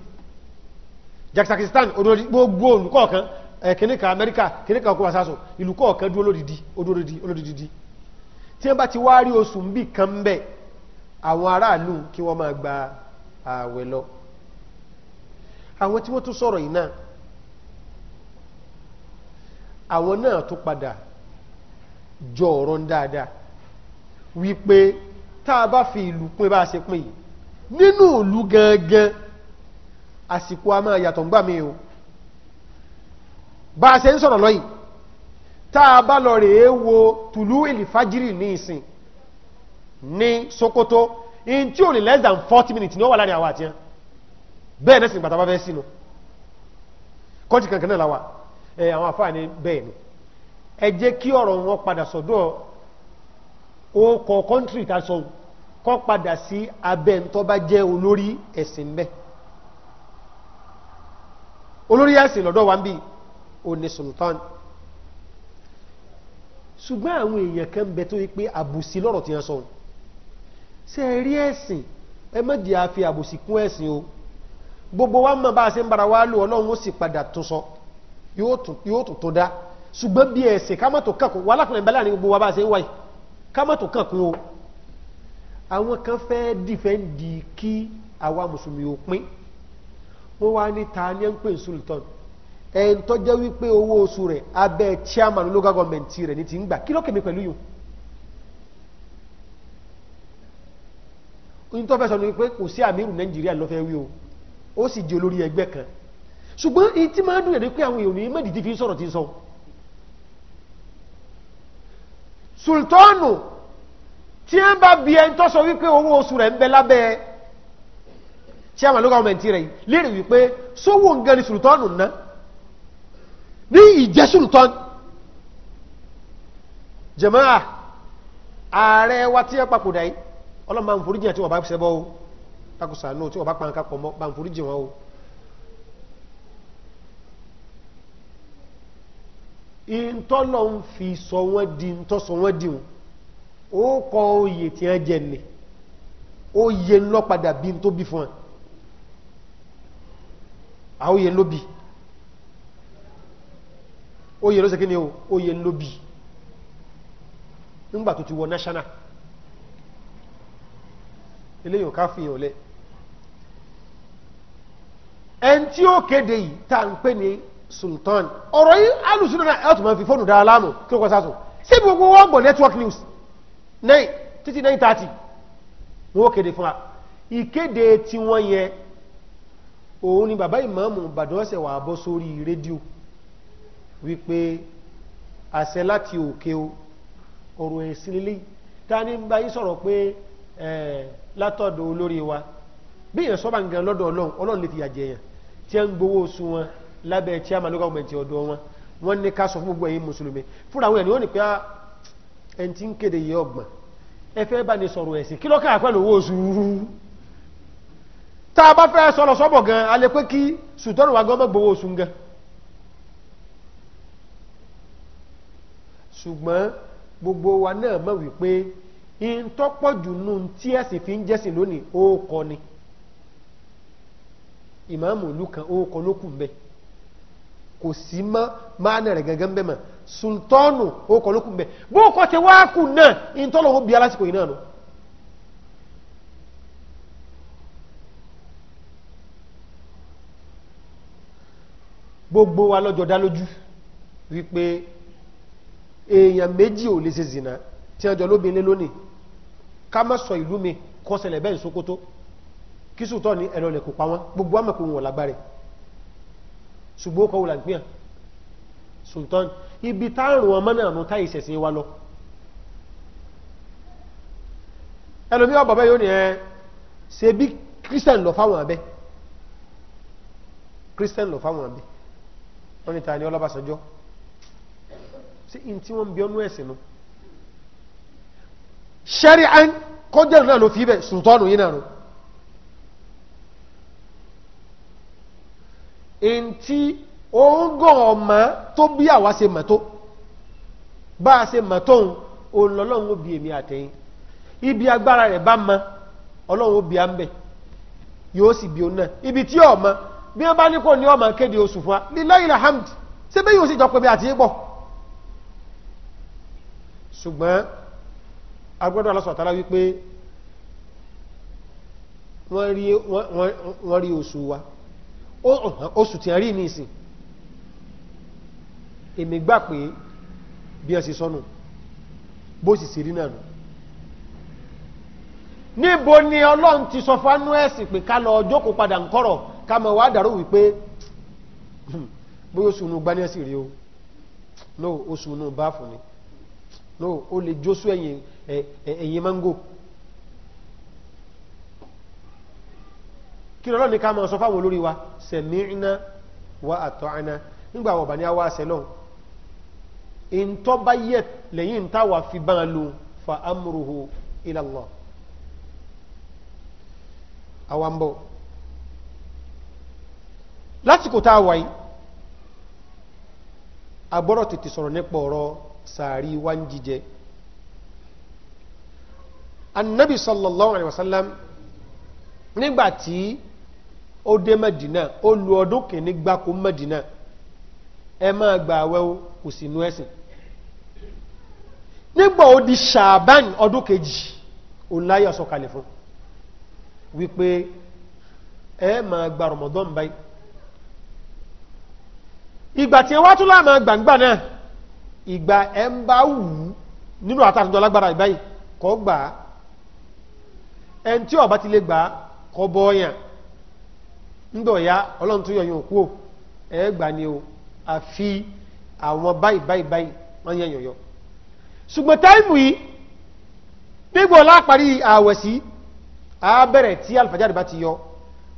Jakistan ó dúró lódìdí gbogbo olùkọ̀ọ̀kan kìnníkà Amẹ́ríkà kìnníkà ọkọ̀ wasaso ìlú kọ̀ọ̀kan dúró lódìdí ó dúró lódìdí tí wọ́n bá ti wá rí oṣù ń bì kan bẹ́ẹ̀ àwọn aráàlú kí wọ́n máa gba ààwẹ̀ lọ àwọn tí wọ́n tún sọ̀rọ̀ yìí náà àwọn náà tún padà jọ ọ̀rọ̀ ń dáadáa wípé tá a bá fi ìlú pín bá a ṣe pín yìí nínú ìlú gangan àsìkò a máa yàtọ̀ ńgbà mi o bá a ṣe ń sọ̀rọ̀ lọ́yìn tá a bá lọ rèé wo tùlú ìlú fájírì ní ìsìn ní Sokoto in tí ò ní less than forty minutes ni ó wà láàrin àwọn àti yẹn bẹ́ẹ̀ náà sì gbàtà bá fẹ́ kankan náà làwà ẹ àwọn àfáàní bẹ́ẹ̀ ni ẹ jẹ́ kí ọ̀rọ̀ wọn padà sọ̀dọ̀ o kọ kọ́ńtírì ta sọ kọ́ padà sí abẹ́ ntọ́ jẹ́ olórí ẹ̀sìn bẹ́ẹ̀ olórí ẹ̀sìn lọ́dọ̀ wa ń bí òní sultan ṣùgbọ́n àwọn èèyàn kan bẹ ṣe é rí ẹ̀sìn ẹ mọ̀jì àfi àbòsí kún ẹ̀sìn o gbogbo wa mọ̀ bá a ṣe ń bara wa lò ọlọ́run ó sì padà tún sọ yóò tún tó dá ṣùgbọ́n bí ẹ̀sìn ká mọ̀tò kàn kún wa alákùnrin bẹ́ẹ̀ láàrin gbogbo wa bá a ṣe ń wáyé ká mọ̀tò kàn kún o àwọn kan fẹ́ dìfẹ́ǹdì kí àwa mùsùlùmí ò pín wọ́n wá ní ta ni ẹ̀ ń pè ń sultan ẹ̀ ń tọ́jẹ́ wípé owó oṣù rẹ̀ abẹ́ chairman local government rẹ̀ ní ti ń gbà kí lọ́kẹ̀mí pẹ̀lú yìí oyin tó fẹ́ sọ ní pé kò sí àmírù nàìjíríà lọ́fẹ́ wí o ó sì di olórí ẹgbẹ́ kan ṣùgbọ́n èyí tí máa dùn rẹ̀ pé àwọn èèyàn ní mẹ́dìdì fi ń sọ̀rọ̀ tí ń sọ sultanu tí ń bá bí ẹni tó sọ wípé owó oṣù rẹ̀ ń bẹ lábẹ́ chairman local government rẹ̀ lérè wípé sówó nǹkan ni sultanu ná ní ìjẹ́ sultan jẹ̀mọ́ ààrẹ wa tí ẹ papòdà yìí ọlọ́run bá ń foríjì àti wọ́n bá ṣẹbọ o takusa náà tí wọ́n bá panka pọ̀ mọ́ bá ń foríjì wọn o. ìntọ́lọ̀ ń fi sọ wọ́n di ntọ́ sọ wọ́n di wọn ó kọ oyè tí wọ́n jẹ ni oyè ńlọ padà bí tó bí fún wọn àwọn oyè ńlọ bí oyè ló ṣe kí ni o oyè ńlọ bí nígbà tó ti wọ national eléyìí ò ká fi hàn lẹ ẹn tí ó kéde yìí tá à ń pè ní sultan ọ̀rọ̀ yìí alùsùn náà ẹ̀ tó máa fi fóònù dára láàmú kí ó kọ́ sáà sùn gbogbo wọn bọ̀ network news nine títí nine thirty ni wọ́n kéde fún wa ìkéde tí wọ́n òun ni bàbá ìmáàmù Ìbàdàn ọ̀sẹ̀ wà bọ́ sórí rédíò wípé àṣẹ láti òkè o ọ̀rọ̀ ẹ̀sìn lélẹ́yìí ta ń bá yín sọ̀rọ̀ pé ẹ̀ẹ́ látọ̀dọ̀ olórí wa bí èèyàn sọ́bà ń gan lọ́dọ̀ ọlọ́run ọlọ́run lè fi àjẹ yẹn tí a ń gbowó oṣù wọn lábẹ́ tí a máa lọ́gọ́ gọ̀mẹ̀ntì ọ̀dọ̀ wọn wọ́n ní ká sọ fún gbogbo ẹ̀yin mùsùlùmí fúnra wọn ni wọ́n ní pé ah, ẹni tí ń kéde yìí ọgbọ̀n ẹ fẹ́ bá ní sọ̀rọ̀ ẹ̀sìn kí lọ́kà pẹ̀lú owó oṣù tá a bá fẹ́ sọ̀rọ̀ sọ́bọ̀ gan a lè pé kí sùtọ́nù wa gan mọ́ gbowó oṣù gan ṣùgbọ́n gbogbo wa náà mọ̀ wípé ìntọ́pọ̀jù nù tí ẹ̀sìn fi ń jẹ́sìn lónìí ó kọ ni ìmáàmù ìlú kan ó kọ ló kù ń bẹ kò sí mọ́ máa nà rẹ̀ gẹ́gẹ́ ń sultanu ó kọ ló bó kọ́ ti wá kù náà ìntọ́lọ̀ ó bí alásìkò yìí náà nù. gbogbo wa lọ́jọ́ dá lójú wípé èèyàn méjì ò lè ṣe zìnà tí wọ́n jọ lóbìnrin lónìí Kama má sọ ìlú mi kọ́ ṣẹlẹ̀ bẹ́ẹ̀ Sókótó kí sùtọ́ ní ẹ̀rọ lè kò pa wọn gbogbo àmọ̀ pé wọn lágbára ṣùgbọ́n kọ́ wùlà gbìyàn Sultan ibi táàrùn ọmọ náà nù táyì ìṣẹ̀sìn wa lọ ẹlòmí ọ̀bọ̀ bẹ́ẹ̀ yóò ní ẹ ṣe bí Christian lọ fáwọn abẹ́ Christian lọ fáwọn abẹ́ wọ́n ní ta ni Ọlọ́bàṣánjọ́ sí in tí wọ́n bí ọnú ẹ̀sìn náà ṣẹ́rí'án kọjẹ́rù náà ló fi ibẹ̀ sultanu yìí náà nù in tí oógùn ọmọ tó bí àwa ṣe mọ̀tó bá a ṣe mọ̀tó ń olọ́lọ́run ó bí èmi àtẹ̀yìn ibi agbára rẹ̀ bá mọ ọlọ́run ó bí a ń bẹ̀ yóò sì ibi tí ọmọ bí wọ́n bá ní kò ní ọmọ kéde oṣù fún wa lillahi alhamd ṣé bẹ́ẹ̀ yóò sì jọ pé bí àti agbọ́dọ̀ alásọ̀tálá wípé wọ́n rí oṣù wa oṣù tí a rí ní ìsìn èmi gbà pé bí ẹ sì sọnù bó sì sì rí náà nù níbo ni ọlọ́run ti sọ fánú ẹ̀sìn pé ká lọ jókòó padà ń kọ́rọ̀ ká mọ̀ wá dàrú wípé hmm, bóyá oṣù nù gbá rí o no oṣù nù bá fún ni no ó lè jósú ẹ̀yìn ẹ̀yìn mango kí lọ́lọ́ ní ká máa sọ fáwọn olórí wa sẹ̀mìíràn wa àtọ̀ọ̀nà nígbà wọ̀bà ní àwọn àṣẹ lọ́hùn ìntọ́ bá yẹ lẹ́yìn táwà fi bá ń lo fa amúruhu ilallah àwọn bọ̀ lásìkò táwà yìí agbọ́rọ̀ tètè sọ̀rọ̀ nípa ọ̀rọ̀ sàárì wá ń jíjẹ sallallahu alaihi wa sallam nígbà tí ó dé Madina ó lu ọdún kìíní gbáko Madina ẹ máa gba àwẹ̀ kò sí inú ẹ̀sìn nígbà ó di ṣàbán ọdún kejì ọláyé ọ̀sọ̀kalẹ̀ fún wípé ẹ máa gba Ramadan báyìí ìgbà tí tún náà ìgbà ẹ̀ ń bá wù ú nínú àtàtúndọ̀ alágbára ìbáyìí kọ́ gbà á ẹni tí ọba ti lè gbà á kọ́ bọ́ ọ̀yàn ńdọ̀ ya ọlọ́run tó yọ̀yàn òkú ò ẹ̀ gbà ni o àfi àwọn báyìí báyìí báyìí wọ́n yẹ yọ̀yọ̀ ṣùgbọ́n táìmù yìí gbígbọ́ láparí ààwẹ̀ sí a bẹ̀rẹ̀ tí alfajari bá ti yọ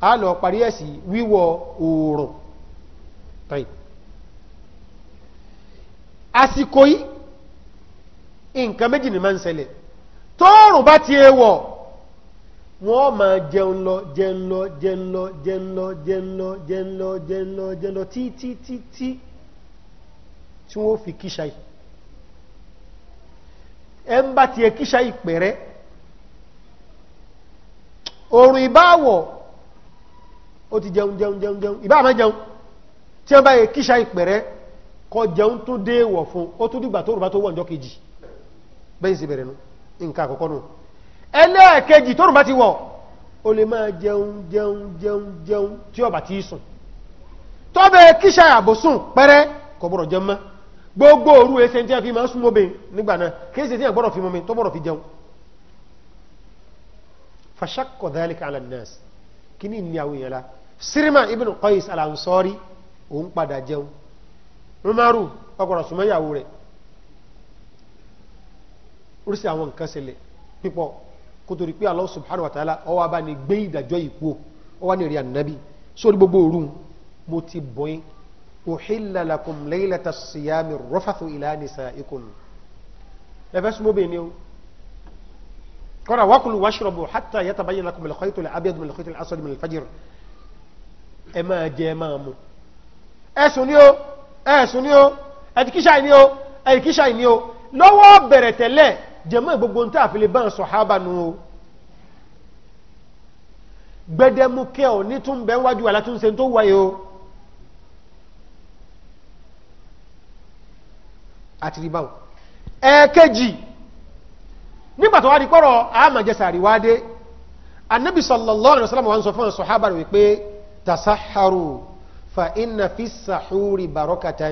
a lọ parí ẹ̀ sí wíwọ̀ oòrùn tàyí àsìkò yìí nǹkan méjì ni máa ń ṣẹlẹ̀ tóòrùn bá ti wọ̀ wọ́n máa jẹun lọ jẹun lọ jẹun lọ jẹun lọ jẹun lọ jẹun lọ jẹun lọ jẹun lọ tí tí tí tí tí wọ́n fi kíṣà yìí ẹ ń bá tiẹ̀ kíṣà yìí pẹ̀rẹ́ òrùn ìbáwọ̀ ó ti jẹun jẹun jẹun jẹun ìbá àmọ́ jẹun tí wọ́n bá yẹ kíṣà yìí pẹ̀rẹ́ kọjá ń tún dé wọ̀ fún ó tún dìgbà tó rùbá tó wọ̀ ǹjọ́ kejì bẹ́yìn sí bẹ̀rẹ̀ nù nǹkan àkọ́kọ́ nù ẹlẹ́ẹ̀kejì tó rùbá ti wọ̀ ó lè máa jẹun jẹun jẹun jẹun tí ọba ti sùn tọ́bẹ̀ kíṣà àbòsùn pẹ́rẹ́ kò gbọ́dọ̀ jẹun mọ́ gbogbo òru ẹsẹ̀ tí a fi máa ń súnmọ́ bẹ́ẹ̀ nígbà náà kéèsì tí a gbọ́dọ̀ fi mọ́ mi tó fi jẹun fashakọ̀ dhalika ala nas kí ni ìní àwọn èèyàn la sirima ibn qais al òun padà jẹun Umaru ọgbọ̀rọ̀ súnmọ́ ìyàwó rẹ̀ oríṣi àwọn nǹkan ṣẹlẹ̀ pípọ̀ kó torí pé Allah subhanahu wa ta'ala ó wá bá ní gbé ìdájọ́ ìpò ó wá ní rí ànábì sórí gbogbo òru mo ti bọ̀yìn uhilla lakum laylata siyami rafathu ila nisaikum ẹfẹ́ súnmọ́ bẹ́ẹ̀ ni o kọ́ra wakulu washrabu hatta yatabayyana lakum al-khaytu al-abyadu min al-khayti al fajr ẹ máa jẹ ẹ máa mu ẹ sùn ní o ẹ̀sùn ni o, ẹ̀dìkíṣà ni ó ẹ̀dìkíṣà ni ó lọ́wọ́ bẹ̀rẹ̀ tẹ́lẹ̀ jẹ̀mọ́ gbogbo ń tà fi lè bá ń sọ̀hábà nu o gbẹdẹmukẹ ò ní tún bẹ wájú alátúnṣe tó wáyé o àti rí báwọn nígbà tó wá di pọ́rọ̀ àmàjẹsàrí wá dé anabi sallallahu alaihi wasallam wa ń sọ fún sọ̀hábà rẹ̀ wípé tasaharu فإن في السحور بركة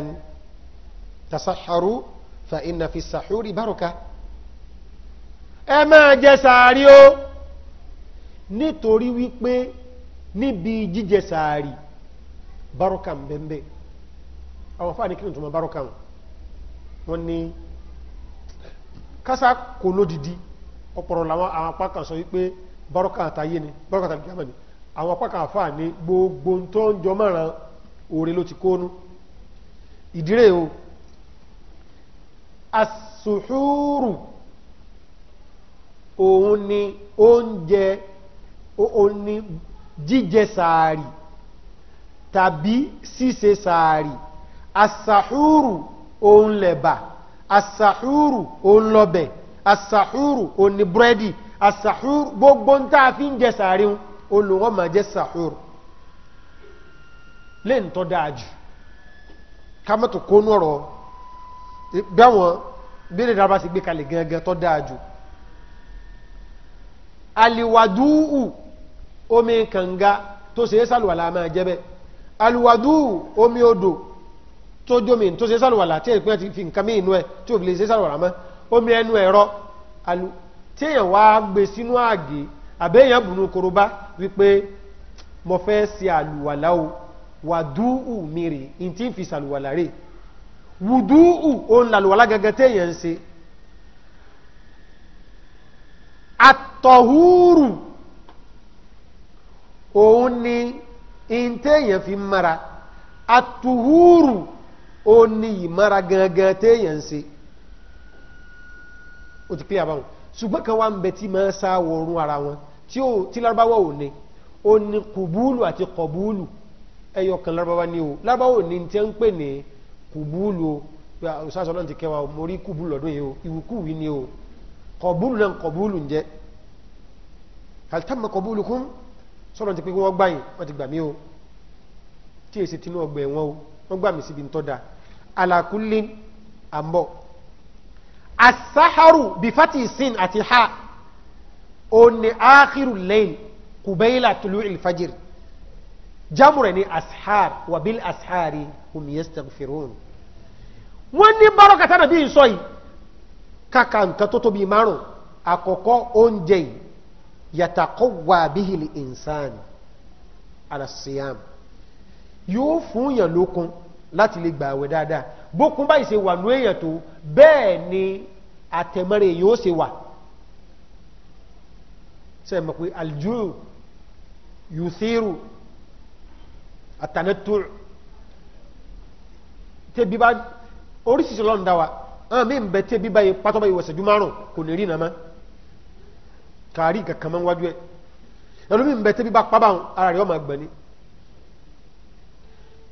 تسحروا فإن في السحور بركة ẹ máa jẹ sàárì o nítorí wípé níbi jíjẹ sàárì bárọ́kà ń bẹ́ẹ̀ àwọn fáà ní kí ní túnmọ̀ bárọ́kà wọn ni kásá kò lódìdí ọ̀pọ̀rọ̀ làwọn àwọn apá kan sọ wípé bárọ́kà àtàyé ni bárọ́kà tàbí ni àwọn apá kan àfáà ní gbogbo tó mọ́ràn oore ló ti kónú ìdírè o asuhuru òun ni oúnjẹ òun ni jíjẹ sàárì tàbí ṣíṣe sàárì asahuru òun lẹ̀bà asahuru òun lọ́bẹ̀ asahuru òun ni búrẹ́dì asahuru gbogbo ń tàà fi ń jẹ sàárì òun lòun jẹ sahuru lè ń tọ́ dáa jù ká mọ́tò kónú ọ̀rọ̀ bí àwọn béèrè dára bá sì gbé kalẹ̀ gangan tọ́ dáa jù aliwadúù omi kànga tó ṣe é sàlùwàlà máa jẹ́ bẹ́ẹ̀ aliwadúù omi odò tó jómi tó ṣe é sàlùwàlà tí èèyàn fi nǹkan mí inú ẹ tí òbí lè ṣe é sàlùwàlà mọ́ omi ẹnu ẹ̀rọ tí èèyàn wá gbé sínú àgè àbẹ́yàn bùnú korobá wípé mo fẹ́ ṣe àlùwàlà o wàdúù mìíràn in tí ń fi sàlùwàlà rè wùdúù òun làlùwàlà gẹ́gẹ́ téèyàn ń ṣe àtọ̀húrù òun ni in fi mara àtùhúrù òun ni ìmara gẹ́gẹ́ téèyàn ń ṣe ó ti kílẹ̀ àbáwọn ṣùgbọ́n kan wá ń bẹ tí máa sá wọ̀ọ̀rùn ara wọn tí lárúbáwọ̀ ò ní ó ní kùbúlù àti kọ̀búlù ẹyọ kan lárúbáwá ní o lárúbáwá ní tí ń pè ní kùbúlù o ìsáàsọ náà ti kẹwàá mo rí kùbúlù lọ́dún yìí o ìwùkúwì ni o kọ̀búlù náà kọ̀búlù ń jẹ́ àtàmà kún sọ́nà ti pé wọ́n gbà yìí wọ́n ti gbà mí o tí èsì tinú ọgbẹ̀ wọn o wọ́n gbà mí síbi tọ́da alákúlé àmbọ̀ asaharu bifati sin àti ha òní áàkìrù lẹ́yìn kùbẹ́yìlà tùlù ìlfàjìrì jamu rẹ̀ ni ashar wa bil ashari hum yastaghfirun wọ́n ní bárọ̀kàtà náà bí n sọ yìí kàkà nǹkan tó tóbi márùn àkọ́kọ́ oúnjẹ yìí yataqawwa bihi li insani ala siyam yóò fún yàn lókun láti lè gbà àwẹ̀ dáadáa bókun báyìí ṣe wà nú èèyàn tó bẹ́ẹ̀ ni àtẹ̀mọ́rẹ̀ yóò ṣe wà sẹ́yìn mọ̀ pé aljú yuthiru àtànẹ́tò tẹ́bí bá oríṣiríṣi lọ́nà da àwọn mí ń bẹ tẹ́bí bá yẹ pátọ́ bá yẹ wọ̀sẹ̀ jùmárùn kò ní rí nàmá kàárí kankan máa ń wájú ẹ ẹlòmí ń bẹ tẹ́bí bá pábà ara rẹ̀ ọmọ àgbẹ̀ ni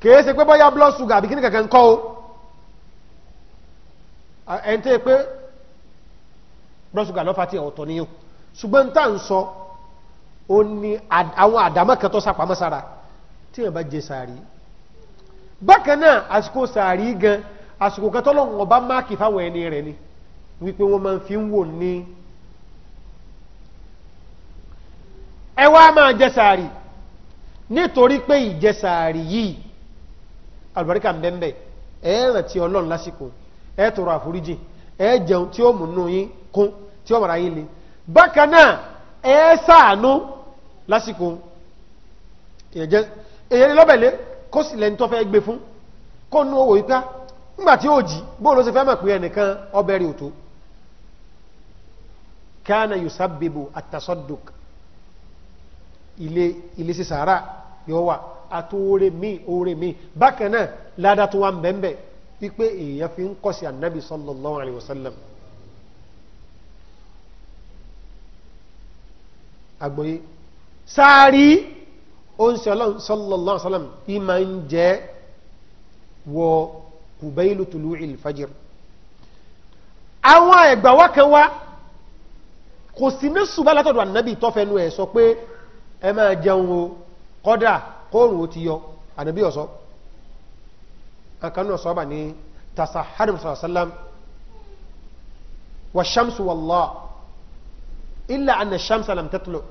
kìí ṣe pé bọ́yá blood sugar àbí kíní kankan kọ́ o ẹ̀ ń tẹ́ pé blood sugar lọ́fà tí ọ̀tọ̀ níyàn ṣùgbọ́n tá à ń àwọn àdámọ́ kan tó sápamọ́ sára tí yàn bá jẹ sàárì bákan náà àsìkò sàárì gan àsìkò kan tọ́lọ́run ọba máàkì fáwọn ẹni rẹ̀ ni wípé wọ́n máa fi ń wò ní ẹ wá máa jẹ sàárì nítorí pé ìjẹ sàárì yìí àlùbáríkà ń bẹ́ẹ̀ bẹ́ẹ̀ ẹ rántí ọlọ́run lásìkò ẹ tọrọ àforíjì ẹ jẹun tí ó múnú yín kún tí ó mara yín le bákan náà ẹ ṣàánú lásìkò èyí lọ́bẹ̀lẹ́ kó sì lẹ́ni tó fẹ́ gbé fún kó nú owó ipá nígbà tí ó jí bóò ló ṣe fẹ́ mọ̀ pé ẹnìkan ọbẹ̀ rí òtó kana yusabbibu at-tasadduq ilé ilé sí sàárà yóò wà àtòore mi oore mi bákan náà ládàá tó wà ń bẹ́ẹ̀ èèyàn fi ń kọ́ sí ànábì sallallahu alayhi wa sallam agbóyé sáàrí ounṣẹ́ ọlọ́run sallallahu alaihi wasallam ìmà ń jẹ́ wọ kùbẹ́ìlú tùlú ìlfàjìr àwọn ẹ̀gbà wá kan wá kò sí ní ṣùgbọ́n látọ̀dọ̀ ànábì tọ́fẹnu ẹ̀ sọ pé ẹ máa jẹun o kọ́dà kóòrùn ó ti yọ ànábì ọ̀sọ́ kankanú ọ̀sọ́ bà ní tasahadu sallam wa shamsu wallah illa anna shamsa lam tatlu'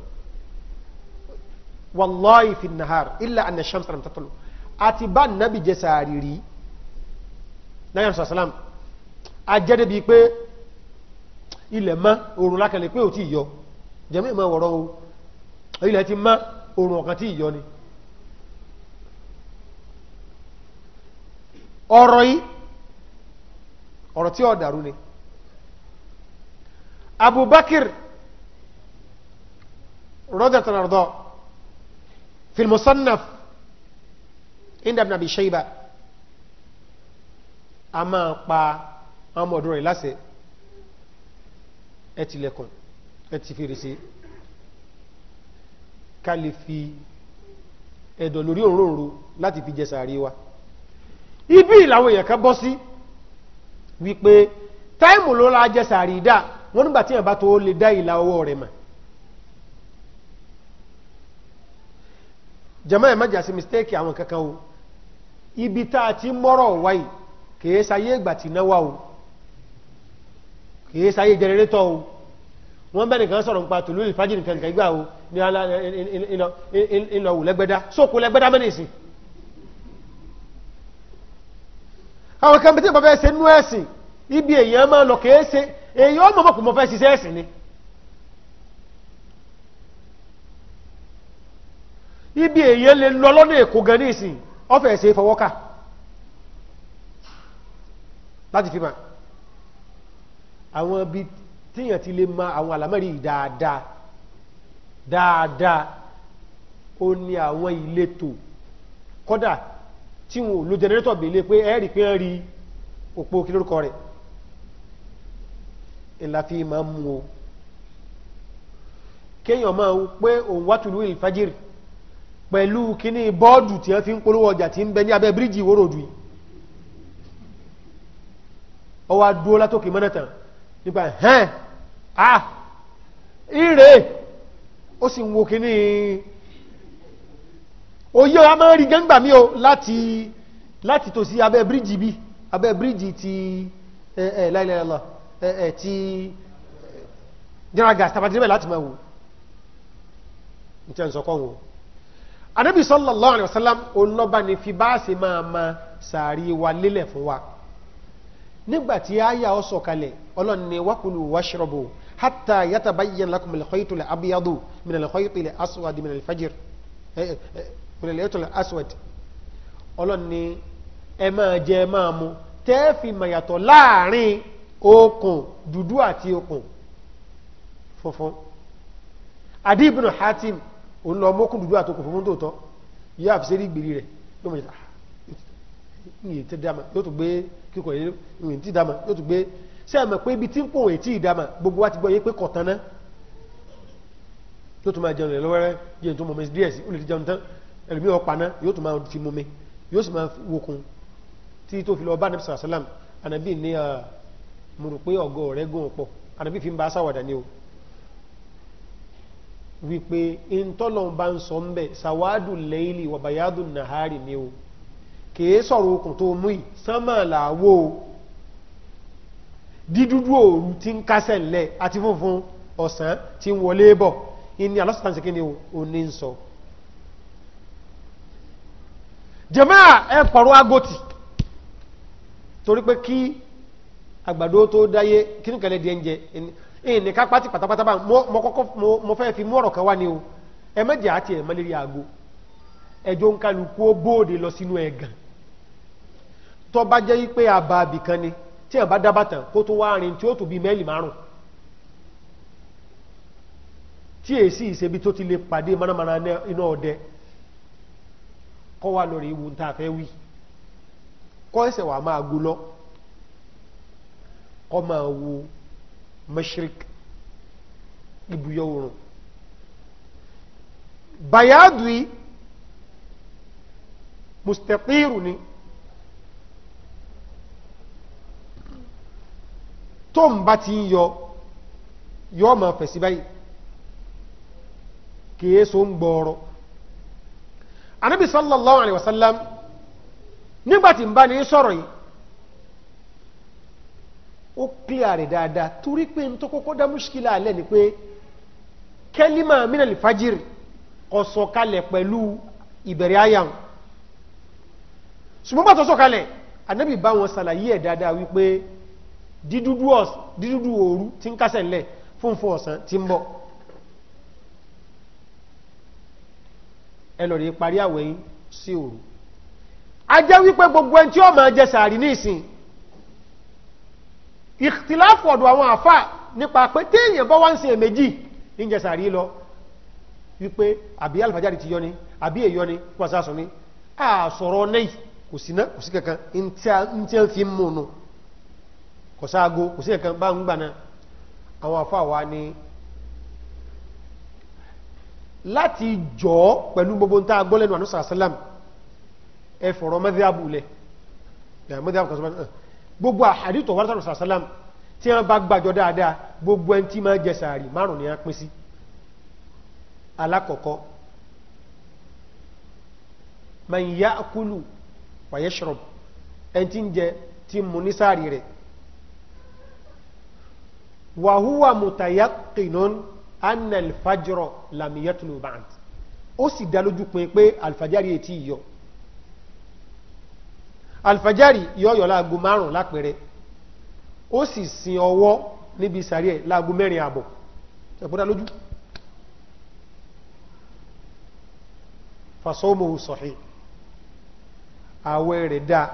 wàlláhi fi nahar illa anna shams lam tatlu àti bá nàbì jẹ sàárì rí náyà sàlám ajẹ́dẹ́ bíi pé ilẹ̀ mọ́ oòrùn lákàlẹ̀ pé ò tí ì yọ jẹ́mi ìmọ̀ wọ̀rọ̀ o ilẹ̀ ti mọ́ oòrùn ọ̀kan tí ì ni. ọ̀rọ̀ yìí ọ̀rọ̀ tí ó dàrú ni Abubakar rọ́jà tọ̀nàrọ̀dọ̀ في المصنف عند ابن أبي شيبة أما با أما دوري لاسي ẹtì lẹ́kùn ẹtì fèrèsé ká lè fi ẹ̀dọ̀ lórí òróòrò láti fi jẹsàárì wa ibi ìlàwọ̀ èèyàn kan bọ́ sí wípé táìmù ló la jẹsàárì dá wọ́n nígbà tí èèyàn bá tó lè dá ìlà ọwọ́ rẹ̀ mọ̀ jama ẹ mẹjà sí mistake àwọn kankan o ibi tá a ti mọ́rọ̀ wáyé kìí sáyé ìgbà tí náwó o kìí sáyé jẹrẹrétọ o wọn bẹ nìkan sọ̀rọ̀ nípa tòlú ìfájì nìkan nìkan gbà o ní ala ìlọ wù lẹgbẹdá sóko lẹgbẹdá mẹni ìsìn àwọn kan bí tí mo fẹ́ ṣe nú ẹ̀sìn ibi èèyàn máa lọ kìí ṣe èèyàn ọmọ mọ̀ kò mo fẹ́ ni. ibi èèyàn lè lọ lọ́nà èkó gan ní ìsìn ọ̀fẹ́ ṣe fọwọ́kà láti fi mà àwọn ibi tíyàn ti lè ma àwọn àlámẹ́rì dáadáa dáadáa ó ní àwọn ìletò kódà tí wọn ò lo jẹnẹrétọ̀ gbélé pé ẹ rí pé ẹ rí òpó kí lórúkọ rẹ̀ ńlá fi máa mú o kéèyàn máa ń pé òun wá tùlú ìfájìrì pẹ̀lú kíní bọ́ọ̀dù tí wọ́n fi ń polówó ọjà tí ń bẹ ní abẹ́ bíríjì ìwó ròdù yìí ọwọ́ adúró látòkè mọ́nàtàn nípa hẹ́n à ah, ire ó sì ń wo kíní oyé wa máa ń rí gẹ́ngbà mí o láti láti tòsí abẹ́ bíríjì bí abẹ́ bíríjì ti ẹ̀ ẹ̀ láìláìlá ẹ̀ ẹ̀ ti general gas tàbátí níbẹ̀ láti máa wò ní tẹ́ ń sọ kọ́ wọn anabi sallallahu alayhi wa sallam olọba ni fi baasi máa ma sàárì wa lélẹ̀ fún wa nígbàtí aya ọ sọ̀kalẹ̀ ọlọ́run ni wakulu washrabu hatta yatabayyan lakum alkhaytu alabiyadu min alkhaytu alaswad min alfajr eh, eh, eh, min alkhaytu alaswad ọlọ́run ni ẹ máa jẹ ẹ mu tẹ́ẹ̀fì mayàtọ̀ láàrin okùn dúdú àti okùn funfun adi ibn hatim ó ń lọ mọ́kùn dúdú àtòkùn fún mọ́tò tọ́ yóò àfi sẹ́rí ìgbèrí rẹ̀ yóò mọ̀ jẹ́ta ah, ìyẹn tí dama yóò tún gbé kíkọ̀ yẹn ìyẹn tí dama yóò tún gbé sẹ́ẹ̀mọ̀ pé ibi tí ń pòwé tí ìdama gbogbo wa ti gbọ́ yé pé kọ̀tán náà yóò tún máa jẹun rẹ̀ lọ́wọ́rẹ́ yẹn tó mọ̀mí díẹ̀ sí ó lè ti jẹun tán ẹlòmí ọ̀pá náà yóò tún máa fi mọ̀mí yóò sì máa wokun tí tó fi lọ bá anabi sàlám anabi ní ah, mo rò pé ọgọ́ rẹ̀ gùn ọ̀pọ̀ anabi fi ń bá aṣáwàdà ni o wípé ìntọ́lọ̀n bá ń sọ ń bẹ̀ sàwádù lẹ́ìlì wàbàyádù nàhárì ni o kìí sọ̀rọ̀ okùn tó mú ì sánmà làwó o dídúdú òru tí ń kásẹ̀ ńlẹ̀ àti funfun ọ̀sán tí ń wọlé bọ̀ ìní alọ́sítàǹsì kí ni o ní sọ jẹ̀mọ́ ẹ pọ̀rọ̀ agoti torí pé kí àgbàdo tó dáyé kí nìkan lè di ẹ̀ńjẹ ìní ká pátì pátápátá bá mo mo fẹ́ fi mú ọ̀rọ̀ kan wá ni o ẹ mẹ́jẹ̀ àti ẹ̀ mọ́lérí aago ẹjọ́ ń kálukú ó bóòdè lọ sínú ẹ̀gàn tó bá jẹ́ pé àbá àbìkan ni tí ẹ̀ bá dábàtàn kó tó wá rìn tí ó tó bí mẹ́lì márùn tí èsì ìṣebi tó ti lè pàdé mọ́nàmọ́ná iná ọdẹ kọ́ wá lórí ewu tá a fẹ́ wí kọ́ ẹsẹ̀ wàá máa gbó lọ kọ́ máa wo mashrik ibùyọ oòrùn bayadu yìí mustaqiru ni tó ń bá ti ń yọ yọ ma fẹ̀sí báyìí kìí so ń gbọ́ọ̀rọ̀ anábì sallallahu alaihi wasallam nígbàtí ń bá ní sọ̀rọ̀ yìí ó clear rẹ̀ dáadáa torí pé n tó kọ́kọ́ dá múṣkìlá alẹ́ ni pé kẹ́límà mínàlì fájìr kò sọ̀kalẹ̀ pẹ̀lú ìbẹ̀rẹ̀ àyà wọn ṣùgbọ́n bá tó sọ̀kalẹ̀ anábì bá wọn ṣàlàyé ẹ̀ dáadáa wípé dídúdú òru tí ń kásẹ̀ ńlẹ̀ fún fún ọ̀sán tí ń bọ̀ ẹ lọ parí àwẹ̀ yín sí òru a wípé gbogbo ẹni tí ó máa jẹ sàárì ní ìsìn ìtìláfù ọ̀dọ̀ àwọn àfà nípa pé téèyàn bọ́ wá ń sin èméjì níjẹ lọ wípé àbí alfajari ti yọ ni àbí èyọ ni wàsásọ ni àsọ̀rọ̀ náà kò sí náà kò sí kankan ní tí a fi ń múnu kò sáàgó kò sí kankan bá ń gbà náà àwọn àfà wa ni láti jọ pẹ̀lú gbogbo ń tá a gbọ́ lẹ́nu ànúsà sálàm ẹ fọ̀rọ̀ mẹ́díàbù lẹ̀ mẹ́díàbù kan sọ́mọ́ gbogbo àhàdí tó wárátàrù sàásálàm tí wọ́n bá gbàjọ dáadáa gbogbo ẹni tí máa jẹ sàárì márùn ni a pín sí alákọ̀ọ́kọ́ man ya'kulu wa yashrab ẹni tí ń jẹ tí mu ní sàárì rẹ̀ wa huwa mutayaqqinun anna al-fajra ó sì dá lójú pé pé alfajari etí yọ alfajari yọ̀ọ̀yọ̀ láago márùn-ún lápẹẹrẹ ó sì sin ọwọ́ níbi ìsàrí ẹ̀ láago mẹ́rin àbọ̀ ẹ̀bọ́dá lójú fasọ́mọ̀ sọ̀hìn àwẹ̀ rẹ̀ dáa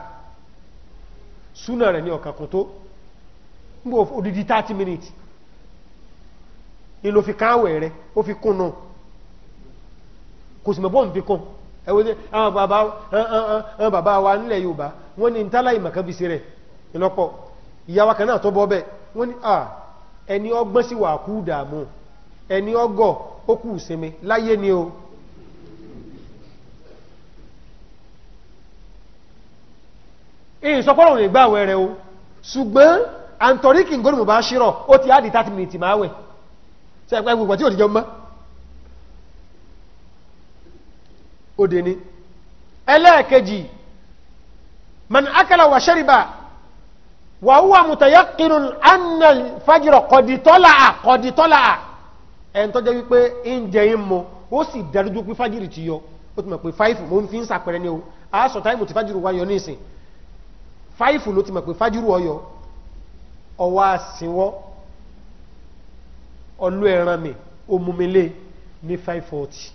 súnà rẹ̀ ní ọ̀kàkùn tó nígbò odidi 30 minutes ni ló fi káwẹ̀ rẹ̀ ó fi kún náà kò sì mọ̀ bọ́ọ̀ fi kún náà ẹ wo ṣe àwọn bàbá àwọn bàbá wa nílẹ̀ yorùbá wọ́n ní ntálà ìmọ̀kan fi ṣe rẹ̀ ìlọ́pọ̀ ìyá wa kan náà tó bọ́ bẹ́ẹ̀ wọ́n ní ẹni ọgbọ́n sì wà kú dààmú ẹni ọgọ̀ ó kù sinmi láyé ni o. èyí sọ pọ́nrọ̀ lè gbà wẹ̀rẹ̀ o ṣùgbọ́n àǹtọ̀rí kìngónì mò bá ṣírọ̀ ó ti á di thirty minutes máa wẹ̀ ṣe ẹgbẹ́ gbogbo tí ò mọ́. òde ni ẹlẹ́ẹ̀kejì man akala wa shariba wa huwa mutayaqinun anna al-fajr qad tala'a qad tala'a ẹn tó jẹ́ wípé ń jẹ ń mọ ó sì dájú pé fájìrì ti yọ ó ti mọ̀ pé fáìfù mo ń fi ń sàpẹrẹ ní o a táìmù tí fájìrì wáyọ ní ìsìn fáìfù ló ti mọ̀ pé fájìrì ọyọ ọwọ́ àsìnwọ́ ọlú ẹran mi omumile ní 540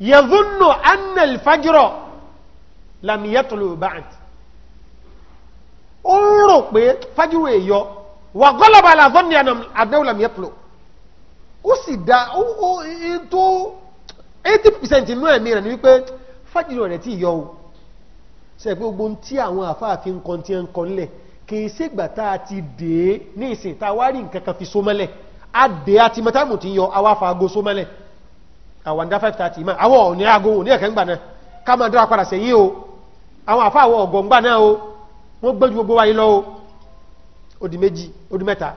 yẹ̀dúnnù annal fajirọ̀ lamiyatulu ba'd ó ń rò pé fajiru èyọ wà gọ́lọ̀bà làzọ́n ní àdáwò lamiyatulu ó sì dá ó tó 80% inú ẹ̀mí rẹ̀ ni wípé fajiru rẹ̀ ti yọ o ṣe pé gbogbo tí àwọn àfáàfin kan ti ń kan lẹ̀ kì í ṣègbà tá ti dé ní ìsìn tá a wá rí kan fi so mọ́lẹ̀ a dé a ti mọ ti ń yọ awáfa ago so mọ́lẹ̀ àwọn dá five thirty mọ́ àwọn òní aago òní ẹ̀kẹ́ ń gbà náà ká máa dára padà sẹ́yìn o àwọn àfa àwọn ọ̀gọ̀ǹgbà náà o wọ́n gbẹ́jú gbogbo wáyé lọ o ó di méjì ó di mẹ́ta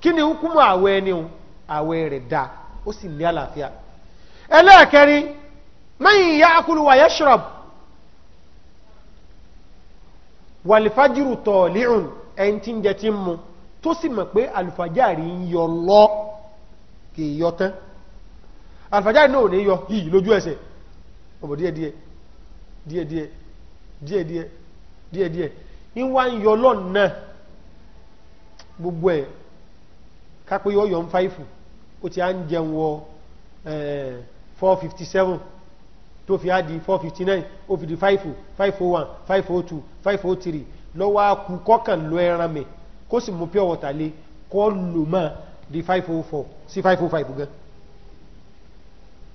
kí ni hukumu àwẹ̀ ẹni o àwẹ̀ rẹ̀ da ó sì ní àlàáfíà ẹlẹ́ẹ̀kẹrin mẹ́yìn ya akulu wa yashrab wàlífàjìrù tọ̀ọ̀lìrùn ẹni tí ń jẹ ti ń mu tó sì mọ̀ pé àlùfàjáàrí ń yọ lọ kì í yọ tán alifajari náà ò ní yọ yìí lójú ẹsẹ̀ ọ̀bọ̀ díẹ̀díẹ̀ díẹ̀díẹ̀ díẹ̀díẹ̀ díẹ̀díẹ̀ ń wá ń yọ lọ́n náà gbogbo ẹ̀ kápẹ́ yọ yọ̀ ń fáìfù ó ti á ń jẹun wọ four fifty seven tó fi á di four fifty nine ó fi di fáìfù fáìfù one fáìfù two fáìfù three lọ́wọ́ akú kọ́kànlọ́ ẹran mi kó sì mú pure water lé kọ́ lò mọ́ di fáìfù four sí fáìfù five gan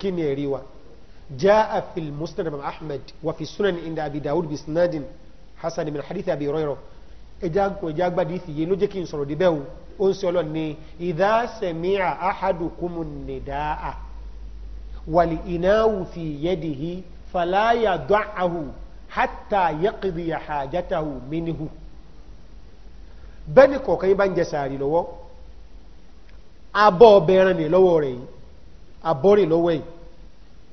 kí ni ẹ̀rí wa jaa fil musnad imam ahmed wa fi sunan inda abi dawud bi sinadin hasan min hadith abi hurairah ẹja ẹja gbadi fi yé ló jẹ́ kí n sọ̀rọ̀ débẹ̀ o ó ń sọ lọ ní idha sami'a ahadukumun nidaa wal inawu fi yadihi fala yada'ahu hatta yaqdi hajatahu minhu bẹ́ẹ̀ni kọ̀ọ̀kan yín bá ń jẹ sàárì lọ́wọ́ abọ́ ọbẹ̀ ẹran lọ́wọ́ rẹ̀ yìí abọ́rẹ̀ lọ́wọ́ yìí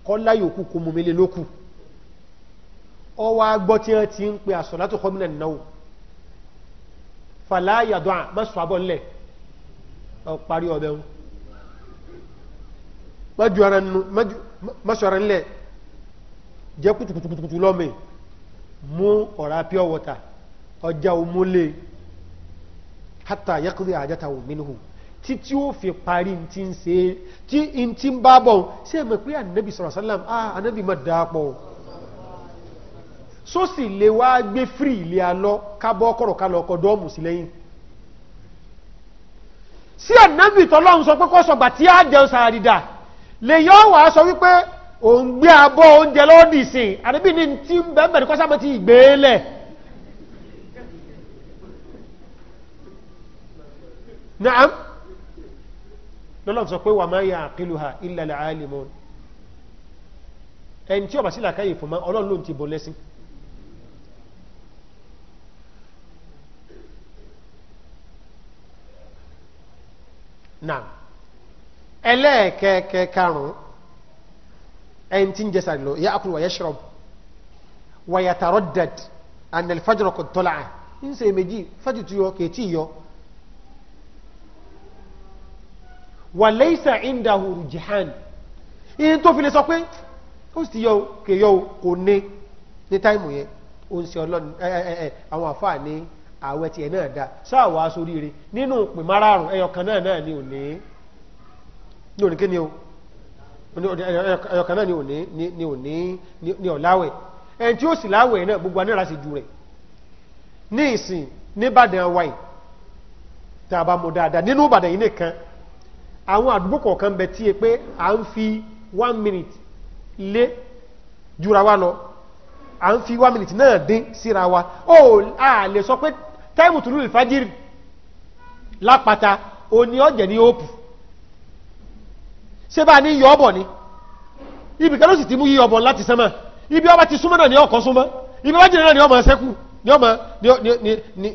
kọ́lá yòókù kò mú mele lókù ọwọ́ agbọ́ tí wọ́n ti ń pe àsọ̀látò kọ́mínà náà fàlàyàdọ́ à má sọ abọ́ ńlẹ̀ ọ parí ọbẹ̀ wọn mọ́jú ara nínú mọ́jú ara ńlẹ̀ jẹ́ kùtùkùtùkùtù lọ́mọ mú ọ̀rá pure water ọjà òmúlé hátà yẹ́kùrẹ́ àjátà òmìnirù tí tí ó fi parí tí ń ṣe tí in tí ń bá bọ̀ sí ẹ̀mọ̀ pé ànábì sọ̀rọ̀ sálàm ah ànábì má dáapọ̀ só sì lè wá gbé fírí ilé alọ́ kábọ́ ọkọ̀rọ̀ ká lọ ọkọ̀ dọ́ọ̀mù sí lẹ́yìn sí ànábì tọ́lọ́run sọ pé kó sọgbà tí á jẹun sàárìdà lè yọ wàá sọ wípé òun gbé abọ́ oúnjẹ lọ́dì sí ànábì ní tí ń bẹ́ẹ̀ bẹ̀rẹ̀ kọ́sámọ́ lọ́lọ́n sọ pé wà máa ya'qiluha illa al-alimun ẹni tí ọba sí làkáyè fún máa ọlọ́run ló ń ti bọ́ lẹ́sìn náà ẹlẹ́ẹ̀kẹ́ẹ̀kẹ́ karùn-ún ẹni tí ń jẹ sàrí lọ ya'kulu wa yashrab wa yataraddad an al-fajr qad tala'a ń sèméjì fájì tuyọ kèétí yọ wà lẹ́yìnsà ìndà òrù jihani in tó fi lè sọ pé ó sì yọ kèyọ kò ní ní táìmù yẹn ó ń ṣe ọlọ́ni àwọn àfáà ní àwẹ̀ tiẹ̀ náà dá sáàwọ̀ asoríire nínú pè márààrùn ẹyọkan náà náà ni ò ní ní òní kíni o ẹyọkan náà ni ò ní ni ò ní ni ọ̀láwẹ̀ ẹni tí ó sì láwẹ̀ náà gbogbo anára sì ju rẹ̀ ní ìsìn níbàdàn wáyé tá a bá mú dáadáa nínú Ìbàdàn yìí nìkan àwọn àdúgbò kọ̀ọ̀kan bẹ tí e pé à ń fi one minute lé jura wa lọ à ń fi one minute náà dín síra wa ó a lè sọ pé táìmù tùlù ìfájìrì lápáta òní ọ̀jẹ̀ ní òpù ṣé bá ní yọ ọ̀bọ̀ ni ibi kan ló sì ti mú yíyọ ọ̀bọ̀ láti sánmà ibi ọba ti súnmọ́ náà ní ọkọ̀ súnmọ́ ibi ọba jìnnà náà ní ọmọ ẹsẹ́kù ní ọmọ ní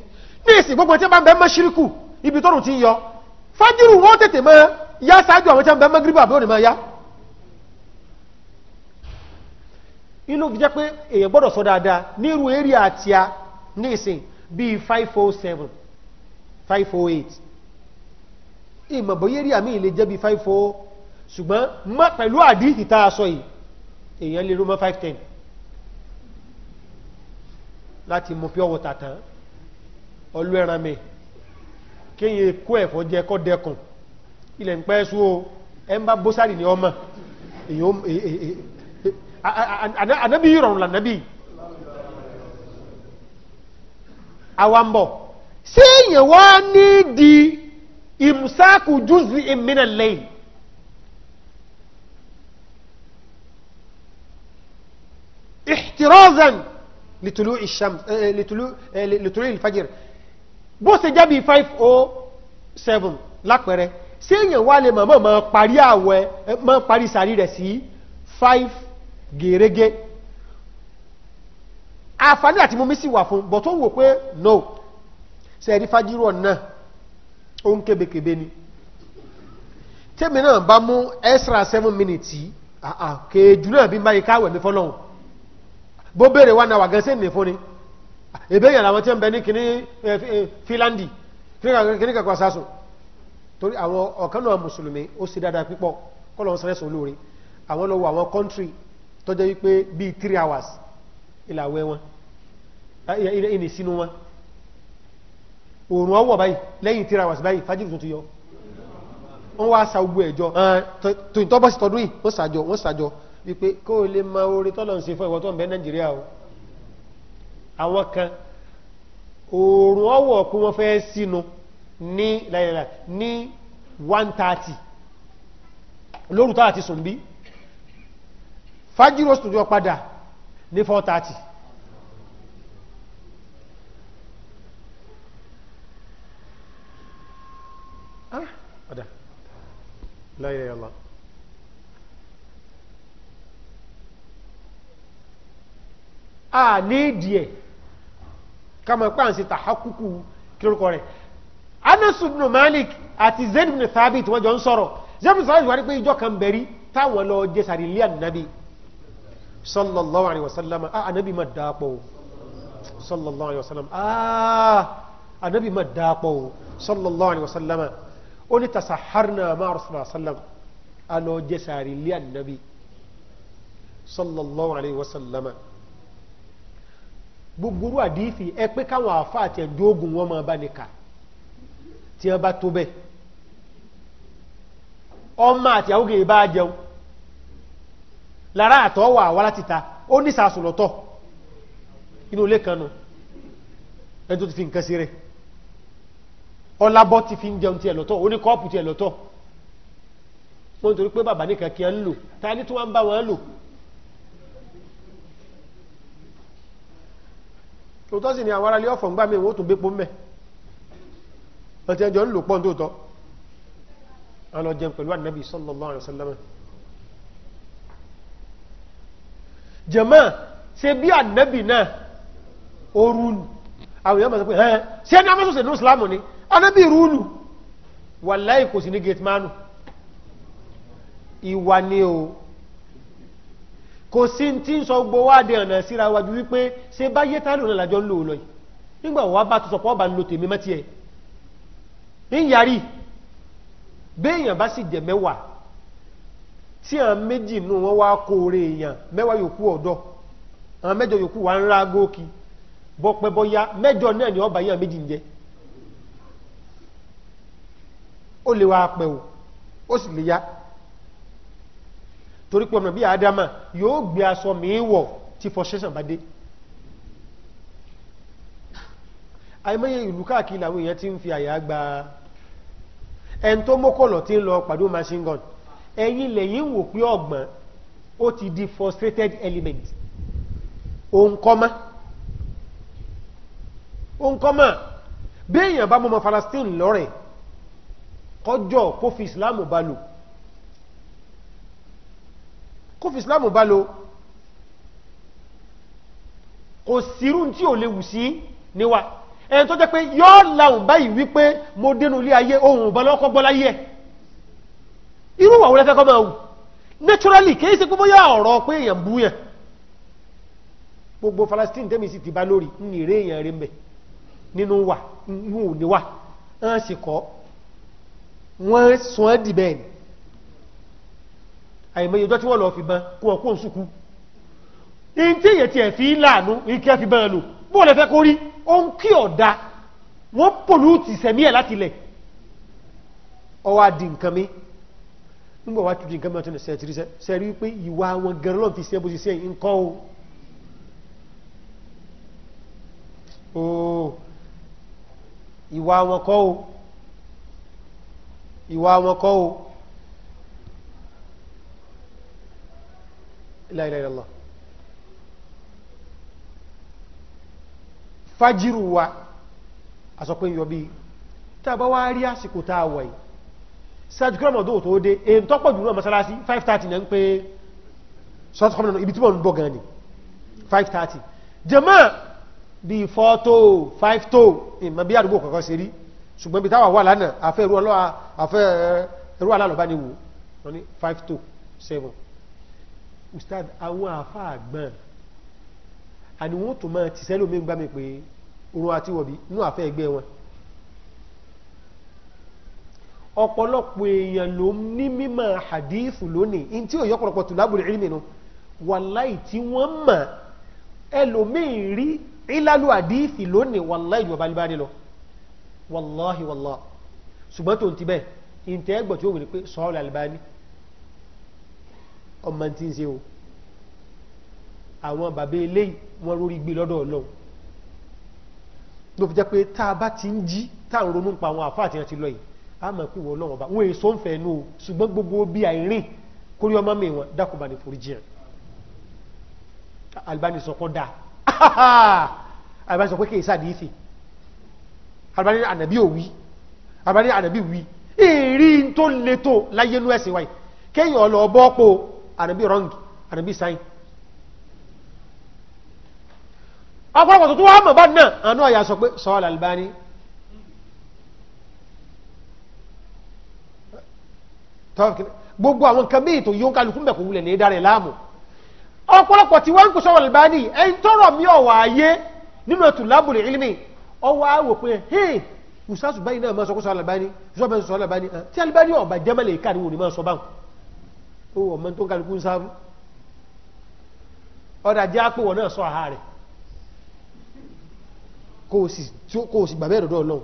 ìsìn gbogbo tí wọ́n bá ń bẹ́ mọ́ ṣíríkù ibi tọ́rùn ti ń yọ fájìrù wọ́n tètè mọ́ yá sáájú àwọn tẹ́m̀bẹ̀ mẹ́gíríbà àbí òní máa yá inú jẹ́ pé èyàn gbọ́dọ̀ sọ dáadáa ní irú eré àti a ní ìsìn bíi 507 508 ìmọ̀bọ̀ eré àmì ilé jẹ́ bíi 54 ṣùgbọ́n má pẹ̀lú àdíhì tá a sọ yìí èyàn lè rú mọ́ 510 láti mú pure water tán ọlú ẹran mi kéèyàn kó ẹ̀fọ́ jẹ kọ́ dẹkùn ilẹ̀ ń pẹ́ sú o ẹ ń bá bósárì ní ọmọ ànábì ìrọ̀rùn lànábì àwàmbọ̀ sí èyàn wá ní di ìmùsáàkù júùsì ìmìnà lẹ́yìn ihtirazan litulu ishams litulu litulu ilfajir bó ṣe jábí 507 lápẹẹrẹ ṣé èèyàn wá lè mọ̀mọ́ mọ̀ parí àwẹ̀ mọ̀ parí sàrí rẹ̀ sí five gèrègé àǹfààní àti mú mi sì wà fún bọ̀ tó wò pé no sẹ́ẹ̀rí fájírò náà ó ń kébékébé ni tẹ́mi náà bá mú extra seven minutes yìí kéèjú náà bí báyìí káwẹ̀ mi fọ́lọ́hùn bó béèrè wà náà wà gẹ́sẹ́ ìmì fún ni èbéyàn làwọn tí ń bẹ ní kíní fílándì kíní kàkọ́ sásùn torí àwọn ọ̀kan náà mùsùlùmí ó sì dáadáa pípọ̀ kọ́ lọ́n sẹ́rẹ́sùn olóore àwọn lọ wọ àwọn kọ́ńtírì tó jẹ́ wípé bíi three hours ìlàwẹ́ wọn ìní sínú wọn òòrùn ọwọ̀ báyìí lẹ́yìn three hours báyìí fájìrì tó ti yọ wọ́n wá sa ogun ẹ̀jọ tòyìntọ́bọ̀sì tọdún yìí wọ́n sàjọ wọ́n sàjọ wípé kó o lè ma oore tọ́lọ̀ ń ṣe fún ìwọ tó ń bẹ nàìjíríà o àwọn kan òòrùn ọwọ̀ pé wọ́n fẹ́ sínú ní láìláìlá ní 1:30 lórúta àti sùnbí fájírò studio padà ní 4:30 ah padà láìláìlá a ní ìdíẹ̀ kama pàǹsí tàhákùkù kírùkọ rẹ̀ anasu bin malik àti zayd bin thabit wọ́n jọ ń sọ̀rọ̀ zayd bin thabit wà ní pé ìjọ kan bẹ̀rí táwọn lọ jẹ sàrí ilé ànábì sallallahu alayhi wa sallam ah ànábì ma dáa pọ̀ o sallallahu alayhi wa sallam ah ànábì ma dáa pọ̀ o sallallahu alayhi wa sallam ó ní tasaharna ma rasulullah sallam a jẹ sàrí ilé ànábì sallallahu alayhi wa sallam gbogbo àdìsí ẹ pé káwọn àfa àti ẹjọ wọn máa bá ní tí wọ́n bá tó bẹ́ẹ̀ ọmọ àti àwúgẹ̀ bá jẹun lára àtọ́ wà wá láti ta ó ní sàásùlọ́tọ̀ inú ilé kan nù ẹni tó ti fi nǹkan sí rẹ̀ ọlábọ́ ti fi ń jẹun ti ẹ̀lọ́tọ̀ ó ní kọ́ọ̀pù ti ẹ̀lọ́tọ̀ wọ́n torí pé bàbá nìkan kí ń lò ta ní tí wọ́n bá wọn lò tòótọ́ ni àwọn aráalé ọ̀fọ̀ ń gbá mi wọ́n tún gbé pọ́ mẹ́ ọtí ẹjọ́ ń lò pọ́n tó tọ́ ọlọ́jẹun pẹ̀lú ànábì sallallahu alaihi wasallam jàmá ṣe bí ànábì náà orun àwọn èèyàn mọ̀sán pé ẹ̀ ṣe ní amásọ̀sẹ̀ ní ìsìlámù ni ànábì rúùlù wàláì kò sí ní gẹ̀tìmánù ìwà ni o kò sí tí ń sọ gbowó adé ọ̀nà síra wájú wípé ṣe bá yé náà làjọ ń lò lọ yìí nígbà wàá bá tó sọpọ̀ ọba ń lo tèmi mẹ́tì ẹ̀ ń yarí béèyàn bá sì jẹ mẹ́wàá tí àwọn méjì nù wọn wá kóore èèyàn mẹ́wàá yòókù ọ̀dọ́ àwọn mẹ́jọ yòókù wà ń ra góòkì bọ́pẹ́ bọ́yá náà ni ọba yíyàn méjì ń jẹ ó lè wá pẹ́ o ó sì lè yá torí pé ọmọ bíi Ádámà yóò gbé aṣọ míì wọ̀ tí frustration bá dé àìmọye ìlú káàkiri làwọn èèyàn ti ń fi àyà gba ẹn tó mọ́kànlọ̀ tí ń lọ pàdó machine gun ẹ̀yìn lẹ́yìn wò pé ọ̀gbọ́n ó ti di frustrated element òǹkọ́mọ́ òǹkọ́mọ́ béèyàn bá mọ́mọ́ Palestine lọ́rẹ̀ kọjọ́ kó fi Islam bá lò kó fi bá lò kò sírùn tí ò léwu sí níwà. ẹni tó jẹ́ pé yọ́ làwọn báyìí wípé mo dénú ilé ayé ohun ọ̀bọ̀n lọ́kọ́ gbọ́ láyé ẹ̀ irú wà wọlé fẹ́ kọ́ máa wù naturally kìí ṣe gbogbo yà ọ̀rọ̀ pé èèyàn bú yẹn gbogbo tẹ́mi sì ti bá lórí ń èèyàn mbẹ̀ nínú wà ń ò ní wà ń kọ́ wọ́n fi kó sùkú ní tí tiẹ̀ fi ní kí ó ń kí ọ̀dá wọ́n pòlúùtì sẹ̀mí ẹ̀ láti lẹ̀ ọwá di nǹkan mi nígbà wá tún di nǹkan mẹ́tún sẹ́ẹ̀tì rí sẹ́ẹ̀rí pé ìwà wọn gẹ̀rẹ́ lọ́n fi sẹ́ bó ṣe sẹ́ nǹkan o ìwà wọn kọ́ o ìwà wọn kọ́ o la ilaha illallah fájírù wa aṣọ pé yọ bí tàbá wá rí àsìkò tá a wà yìí ṣáájú kí ọmọdé tó dé èyí tọ́pọ̀ jù náà mọ́sálásí 5:30 náà ń pé sọ́tọ̀ kọ́mọ̀nà ibi tí wọ́n ń bọ̀ gan ni 5:30 jẹ́mọ́ bí 4 tó 5 tó ìmọ̀ bí àdúgbò kọ̀ọ̀kan ṣe rí ṣùgbọ́n bí táwà wà lánàá àfẹ́ ẹrú ọlọ́wà àfẹ́ ẹrú alálọ́bá ni wò wọ́n ní 5 tó 7 ustad àwọn àfáà gbọ́n àni wọ́n tún máa tìṣẹ́ lómi gbá mi pé orun àti wọ̀bí inú àfẹ́ ẹgbẹ́ wọn ọ̀pọ̀lọpọ̀ èèyàn ló ní mímọ̀ hadithu lónìí in tí ò yọ́pọ̀lọpọ̀ tulabul ilmi nù wàláì tí wọ́n mọ̀ ẹlòmíì rí ìlàlú àdíìsì lónìí wàláì ìjọba balibari lọ wàláhi wàláhi ṣùgbọ́n tó ń ti bẹ́ẹ̀ ìntẹ́gbọ̀ tí ó wù pé sọ́ọ̀lù Albani ọmọ tí ń ṣe o àwọn bàbá eléyìí wọ́n rórí gbé lọ́dọ̀ ọlọ́run ló fi jẹ́ pé tá a bá ti ń jí tá à ń ronú pa àwọn àfáà tí wọ́n ti lọ yìí a mọ̀ pé wọ́n lọ́wọ́ bá wọ́n èso ń fẹ́ nú o ṣùgbọ́n gbogbo bí àìrìn kórí ọmọ mi wọn dákùnbà ní forí jiyàn Albani kọ́ da Albani sọ pé kí ìsáàdì ìfì Albani ànàbí òwí Albani ànàbí wí èrí tó le tó láyé nú ẹ̀sìn wáyé kéèyàn lọ bọ́ po ànàbí rọ́ǹgì ànàbí sáyìn ọ̀pọ̀lọpọ̀ tó tó wá mọ̀ bá náà àánú àyà sọ pé sọ́ọ̀lá Albani gbogbo àwọn nǹkan méjì tó yóò kálukú mẹ́kù wulẹ̀ ní ìdárẹ̀ láàmù ọ̀pọ̀lọpọ̀ tí wọ́n ń kó sọ́ọ̀lá Albani ẹni tọrọ mi ọ̀wà ayé nínú ẹ̀tù lábùrì ilmi ọwọ́ àwò pé hey usaasu báyìí náà máa sọ kó sọ́ọ̀lá Albani sọ́ọ̀bẹ̀ sọ́ọ̀lá Albani tí Albani ọ̀bà jẹ́mẹ̀lẹ̀ ìkàrí wò ní máa sọ báwọn ó wọ̀ mọ́ tó kálukú ń kó o sì gbàbẹ́ ìrọ̀dọ̀ ọlọ́run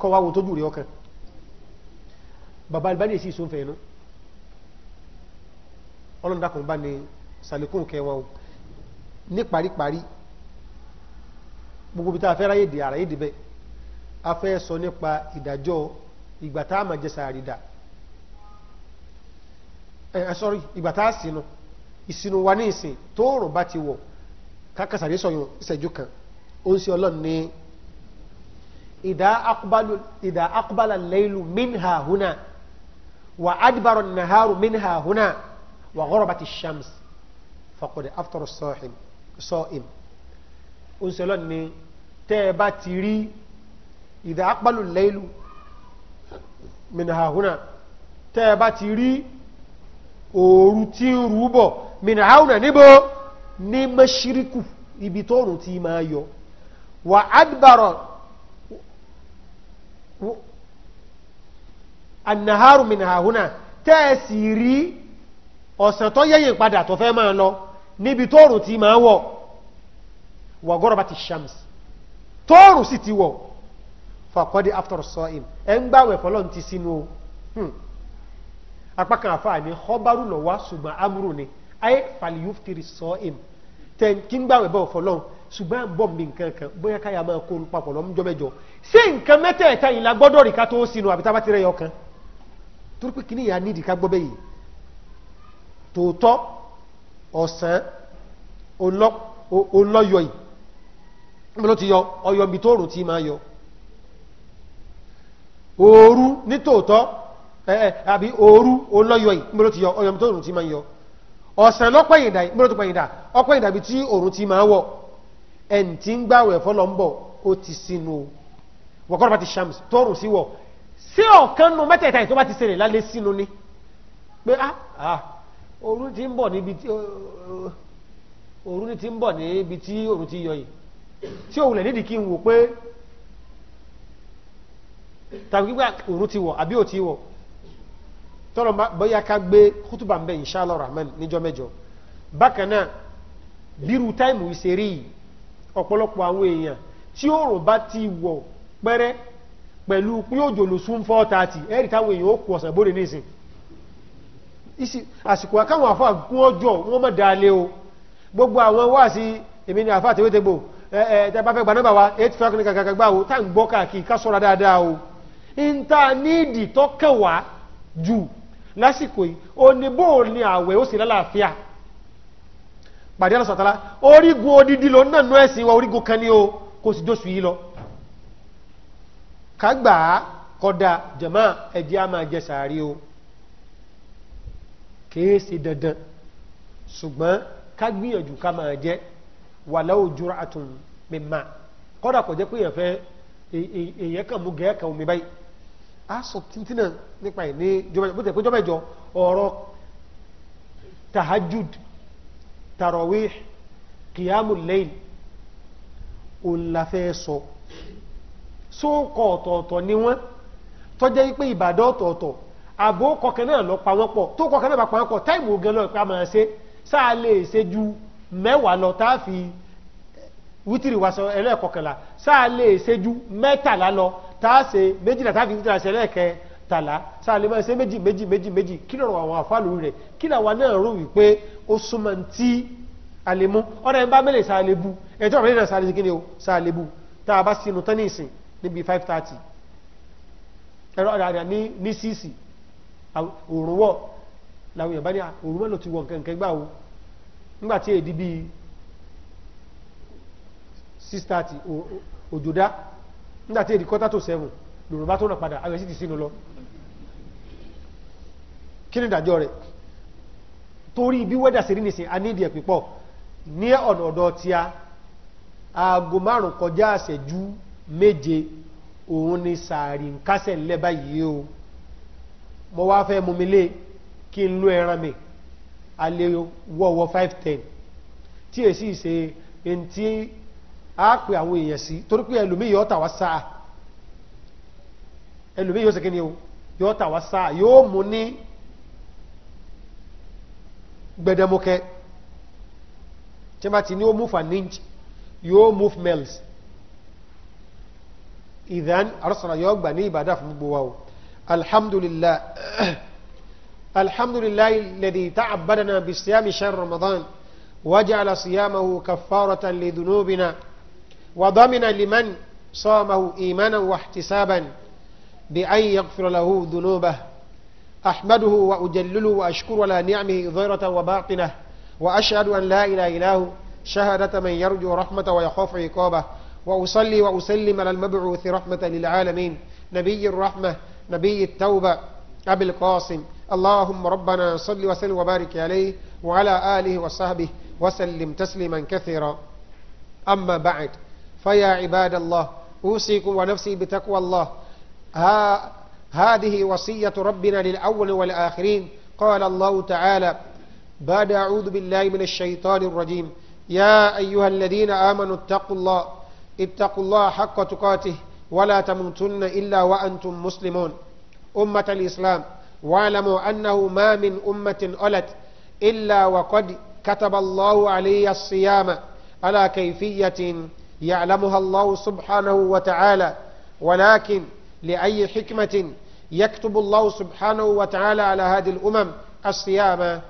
kọ́ wá wo tójú rẹ̀ ọkàn bàbá ìbá lè sí ìsúnfẹ́ inú ọlọ́run dákùn bá ní sàlékún kẹwọn o ní paríparí gbogbo bí tá a fẹ́ ráyè dè àrà yìí dìbẹ́ a fẹ́ sọ nípa ìdájọ́ ìgbà tá a máa jẹ sàárìdà ẹ sọrí ìgbà tá a sínú ìsinú wa ní ìsìn tóòrùn bá ti wọ̀ kákàsàrí sọyún ìṣẹ́jú kan ó ń ṣe ọlọ́run ní ìdá akúbálà lẹ́yìnlú minha huna wà adìbárò nàhárù minha huna wà gọ́rọ̀bàtì shams fọkùnrin after sọ́ọ̀hìn sọ́ọ̀hìn ó ń ṣe ọlọ́run ní tẹ́ ẹ bá ti rí ìdá akúbálà lẹ́yìnlú minha huna tẹ́ ti rí òòrù tí ń rú minha huna níbo ní mẹ́ṣíríkù ibi tóòrùn ti máa yọ wa adbaro anaharu min hahuna tẹ́ẹ̀sì rí ọ̀sán tó yẹ́yìn padà tó fẹ́ máa lọ níbi tóòrùn ti máa wọ̀ wà gọ́rọ̀bá ti shams tóòrùn sì ti wọ̀ fàkọ́dí after sọ́ìm ẹ ń gbáwẹ̀ fọ́lọ́n ti sínú o hmm. apákan àfáà ní họ́bárù lọ wá ṣùgbọ́n amúrù ni ayé fàlìyúftìrì sọ́ìm tẹ́ kí ń gbáwẹ̀ bọ́ fọ́lọ́n ṣùgbọ́n bọ́m bí nǹkan kan bóyá káyà máa kó papọ̀ lọ́mú jọ́mẹ́jọ ṣé nǹkan mẹ́tẹ̀ẹ̀ta yìí la gbọ́dọ̀ rí ká tó sínú àbí tábà ti rẹ̀ yọkan torí pé kìnìyà nídìí ká gbọ́ bẹ́yìí tòótọ́ ọ̀sán olọ́yọ̀ yìí ló ti yọ ọyọ ibi tó rùn tí máa yọ òru ní tòótọ́ àbí òru olọ́yọ̀ yìí ló ti yọ ọyọ ibi tó rùn tí máa yọ ọ̀sán lọ́pẹ̀yìndà ló ti pẹ̀yìndà tí òrùn ti máa wọ̀ ẹ̀ǹtí ń gbàwẹ̀ fọlọ́ńbọ̀ ó ti sínú o wọ́kọ́rọ́ bá ti ṣàmù tọrùn sí wọ̀ sí ọ̀kan nu mẹ́tẹ̀ẹ̀ta ìtọ́ bá ti ṣẹlẹ̀ lálẹ́ sínú ni pé ah, ah, ti ń bọ̀ níbi tí ti ń bọ̀ ti yọ yìí tí òun nídìí kí n wò pé tàbí gbígbà ti wọ̀ àbí ò ti wọ̀ tọ́lọ̀ bóyá ká gbé kútùbà ń bẹ̀ rahman níjọ́ mẹ́jọ bákan náà bírú ọ̀pọ̀lọpọ̀ àwọn èèyàn tí bá ti wọ̀ pẹ́rẹ́ pẹ̀lú pé òjò lò sún fọ́ ẹ̀rì táwọn èèyàn ó kù bóde àsìkò gún o gbogbo àwọn èmi ni eight five ní tá ń gbọ́ káàkiri ká sọ́ra o níìdì tọ́kẹ̀wá jù lásìkò yìí pàdé àlọ́sọ̀tàlá orígun odidi ló náà nú ẹ̀sìn wa orígun kan ní o kò sì dóṣù yìí lọ kágbà kọ́dà jàmá ẹ̀jẹ̀ á máa jẹ sàárì o kìí ṣe dandan ṣùgbọ́n ká gbìyànjú ká máa jẹ walau jur'atun mimma kọ́dà kò jẹ́ pé èèyàn fẹ́ èèyàn kàn mú gẹ́ẹ́ kan omi báyìí a sọ títí náà nípa ẹ̀ ní jọba ìjọ bó tahajud tarawih kìyàmù lẹ́yìn òǹlàfẹ́ sọ sóòkọ̀ ọ̀tọ̀ọ̀tọ̀ ni wọ́n tọ́jẹ́ pé ìbàdàn ọ̀tọ̀ọ̀tọ̀ àbò kọkàn náà lọ pa wọ́n pọ̀ tó kọkàn náà bá pa wọ́n pọ̀ táìmù ogun lọ pé a máa ṣe sáà lè ṣe ju mẹ́wàá lọ tá fi wítìrì wa sọ ẹlẹ́ẹ̀kọkànlá sáà lè ṣe ju mẹ́tàlá lọ tá a ṣe méjìlá tá a fi wítìrì àṣẹ ẹlẹ́ẹ̀kẹ́ tala sáà lè máa meji meji méjì méjì méjì kí lọ́rọ̀ àwọn àfáàlù rẹ̀ kí làwọn náà rò wípé ó súnmọ́ tí a lè mú ọ̀rẹ́ ń bá mẹ́lẹ̀ sáà lè bu ẹ̀tọ́ ọ̀rẹ́ náà lè o sáà lè bu tá a bá sínú tán ní ìsìn níbi five thirty ẹ̀rọ àdàdà ní ní sísì òòrùn wọ̀ làwọn èèyàn bá ní o tí èdè bíi six thirty tí èdè lòrùn bá tó nà padà kí ni ìdájọ́ rẹ̀ torí bí wẹ́dà sí rí nìsín a pípọ̀ ní ọ̀nà ọ̀dọ̀ tí a aago márùn kọjá àṣẹjú méje òun ni sàárì ń kásẹ̀ ńlẹ̀ báyìí o mo wá fẹ́ mú mi lé kí n lo ẹran mi a wọ́wọ́ five ten tí èsì ṣe ẹni tí a pè àwọn èèyàn sí torí pé ẹlòmíì yóò tà wá sáà ẹlòmíì yóò ṣe kí ni o yóò tà wá sáà yóò mú ní. gbẹdẹmukẹ tí wọ́n bá ti won ti ó move an inch yóò move miles ìdán arsala yóò gbà ní ìbàdà fún gbo wa o alhamdulillah alhamdulillah alladhi ta'abbadana bí siyam shahr ramadan wajala siyamahu kaffaratan li dhunubina wa damina liman صامه إيمانا واحتسابا بأن يغفر له ذنوبه أحمده وأجلله وأشكر على نعمه ظاهرة وباطنة وأشهد أن لا إله إله شهادة من يرجو رحمة ويخاف عقابه وأصلي وأسلم على المبعوث رحمة للعالمين نبي الرحمة نبي التوبة أبي القاسم اللهم ربنا صل وسلم وبارك عليه وعلى آله وصحبه وسلم تسليما كثيرا أما بعد فيا عباد الله أوصيكم ونفسي بتقوى الله ها هذه وصية ربنا للأول والآخرين قال الله تعالى بعد أعوذ بالله من الشيطان الرجيم يا أيها الذين آمنوا اتقوا الله اتقوا الله حق تقاته ولا تموتن إلا وأنتم مسلمون أمة الإسلام واعلموا أنه ما من أمة ألت إلا وقد كتب الله علي الصيام على كيفية يعلمها الله سبحانه وتعالى ولكن لأي حكمة يكتب الله سبحانه وتعالى على هذه الأمم الصيام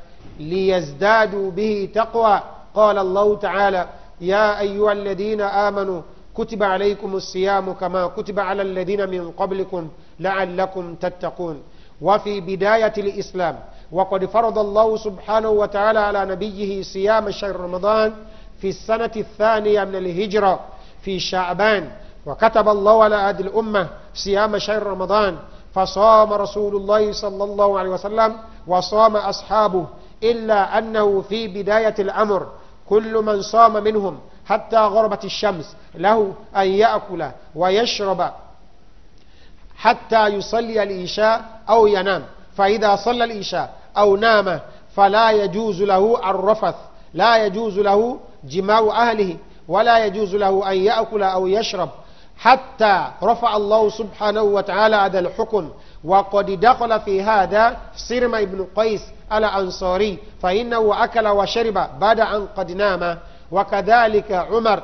ليزدادوا به تقوى قال الله تعالى يا أيها الذين آمنوا كتب عليكم الصيام كما كتب على الذين من قبلكم لعلكم تتقون وفي بداية الإسلام وقد فرض الله سبحانه وتعالى على نبيه صيام شهر رمضان في السنة الثانية من الهجرة في شعبان وكتب الله على هذه الأمة صيام شهر رمضان فصام رسول الله صلى الله عليه وسلم وصام أصحابه إلا أنه في بداية الأمر كل من صام منهم حتى غربت الشمس له أن يأكل ويشرب حتى يصلي الإشاء أو ينام فإذا صلى الإشاء أو نام فلا يجوز له الرفث لا يجوز له جماع أهله ولا يجوز له أن يأكل أو يشرب حتى رفع الله سبحانه وتعالى هذا الحكم وقد دخل في هذا سرم ابن قيس الأنصاري فإنه أكل وشرب بعد أن قد نام وكذلك عمر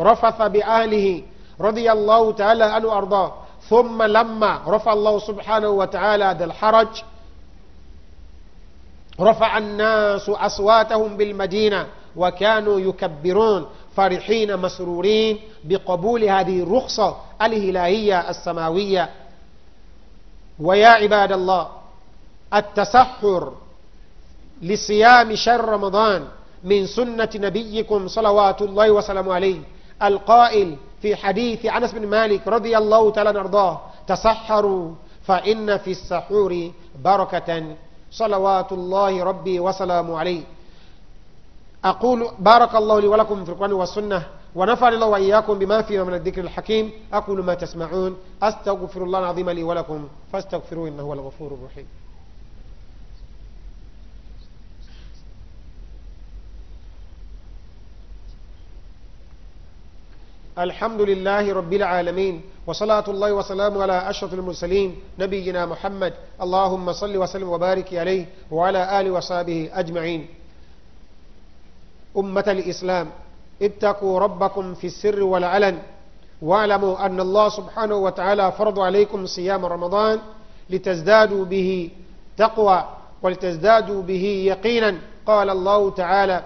رفث بأهله رضي الله تعالى عنه وأرضاه ثم لما رفع الله سبحانه وتعالى هذا الحرج رفع الناس أصواتهم بالمدينة وكانوا يكبرون فرحين مسرورين بقبول هذه الرخصة الهلاهية السماوية ويا عباد الله التسحر لصيام شهر رمضان من سنة نبيكم صلوات الله وسلامه عليه القائل في حديث أنس بن مالك رضي الله تعالى نرضاه تسحروا فإن في السحور بركة صلوات الله ربي وسلامه عليه أقول بارك الله لي ولكم في القرآن والسنة ونفعني الله وإياكم بما فيما من الذكر الحكيم أقول ما تسمعون أستغفر الله العظيم لي ولكم فاستغفروه إنه هو الغفور الرحيم الحمد لله رب العالمين وصلاة الله وسلام على أشرف المرسلين نبينا محمد اللهم صل وسلم وبارك عليه وعلى آله وصحبه أجمعين أمة الإسلام اتقوا ربكم في السر والعلن واعلموا أن الله سبحانه وتعالى فرض عليكم صيام رمضان لتزدادوا به تقوى ولتزدادوا به يقينا قال الله تعالى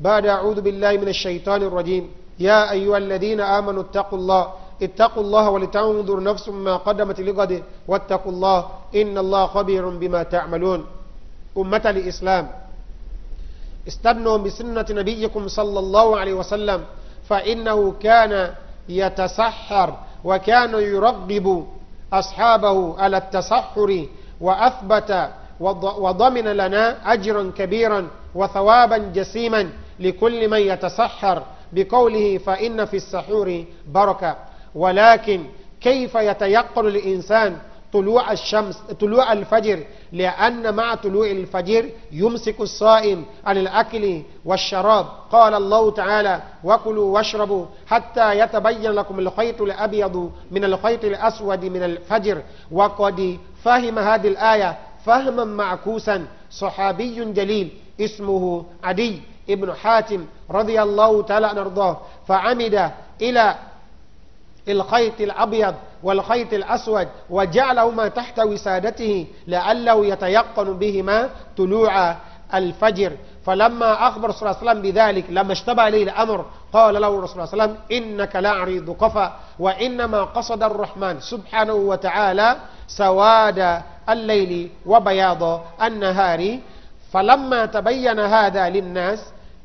بعد أعوذ بالله من الشيطان الرجيم يا أيها الذين آمنوا اتقوا الله اتقوا الله ولتنظر نفس ما قدمت لغد واتقوا الله إن الله خبير بما تعملون أمة الإسلام استبنوا بسنة نبيكم صلى الله عليه وسلم فإنه كان يتسحر وكان يرغب أصحابه على التسحر وأثبت وضمن لنا أجرا كبيرا وثوابا جسيما لكل من يتسحر بقوله فإن في السحور بركة ولكن كيف يتيقن الإنسان طلوع الشمس طلوع الفجر لأن مع طلوع الفجر يمسك الصائم عن الأكل والشراب قال الله تعالى وكلوا واشربوا حتى يتبين لكم الخيط الأبيض من الخيط الأسود من الفجر وقد فهم هذه الآية فهما معكوسا صحابي جليل اسمه عدي ابن حاتم رضي الله تعالى عنه فعمد إلى الخيط الأبيض والخيط الأسود وجعلهما تحت وسادته لعله يتيقن بهما طلوع الفجر فلما أخبر صلى الله عليه وسلم بذلك لما اشتبه عليه الأمر قال له الرسول صلى الله عليه وسلم إنك لا عريض قفا وإنما قصد الرحمن سبحانه وتعالى سواد الليل وبياض النهار فلما تبين هذا للناس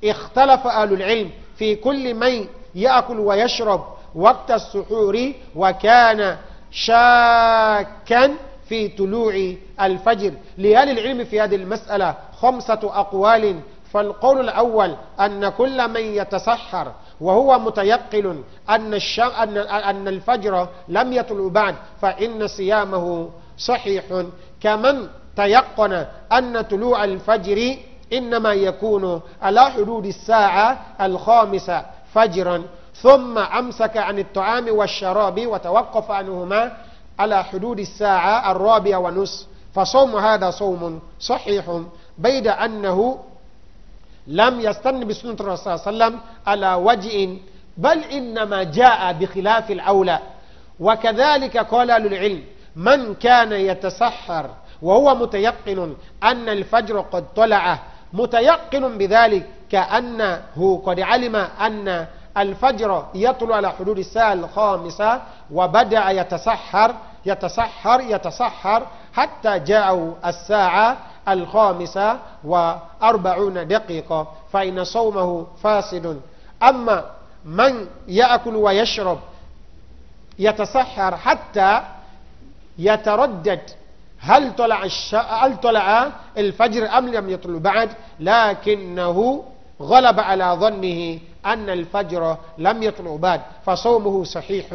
اختلف أهل العلم في كل من يأكل ويشرب وقت السحور وكان شاكا في طلوع الفجر لأهل العلم في هذه المسألة خمسة أقوال فالقول الأول أن كل من يتسحر وهو متيقن أن, أن, أن الفجر لم يطل بعد فإن صيامه صحيح كمن تيقن أن طلوع الفجر إنما يكون على حدود الساعة الخامسة فجرا ثم أمسك عن الطعام والشراب وتوقف عنهما على حدود الساعة الرابعة ونصف فصوم هذا صوم صحيح بيد أنه لم يستن بسنة الرسول صلى الله عليه وسلم على وجه بل إنما جاء بخلاف الأولى وكذلك قال للعلم من كان يتسحر وهو متيقن أن الفجر قد طلع متيقن بذلك كأنه قد علم أن الفجر يطلع على حدود الساعة الخامسة وبدأ يتسحر يتسحر يتسحر حتى جاءوا الساعة الخامسة وأربعون دقيقة فإن صومه فاسد أما من يأكل ويشرب يتسحر حتى يتردد هل طلع, الش... هل طلع الفجر أم لم يطل بعد لكنه غلب على ظنه أن الفجر لم يطلع بعد فصومه صحيح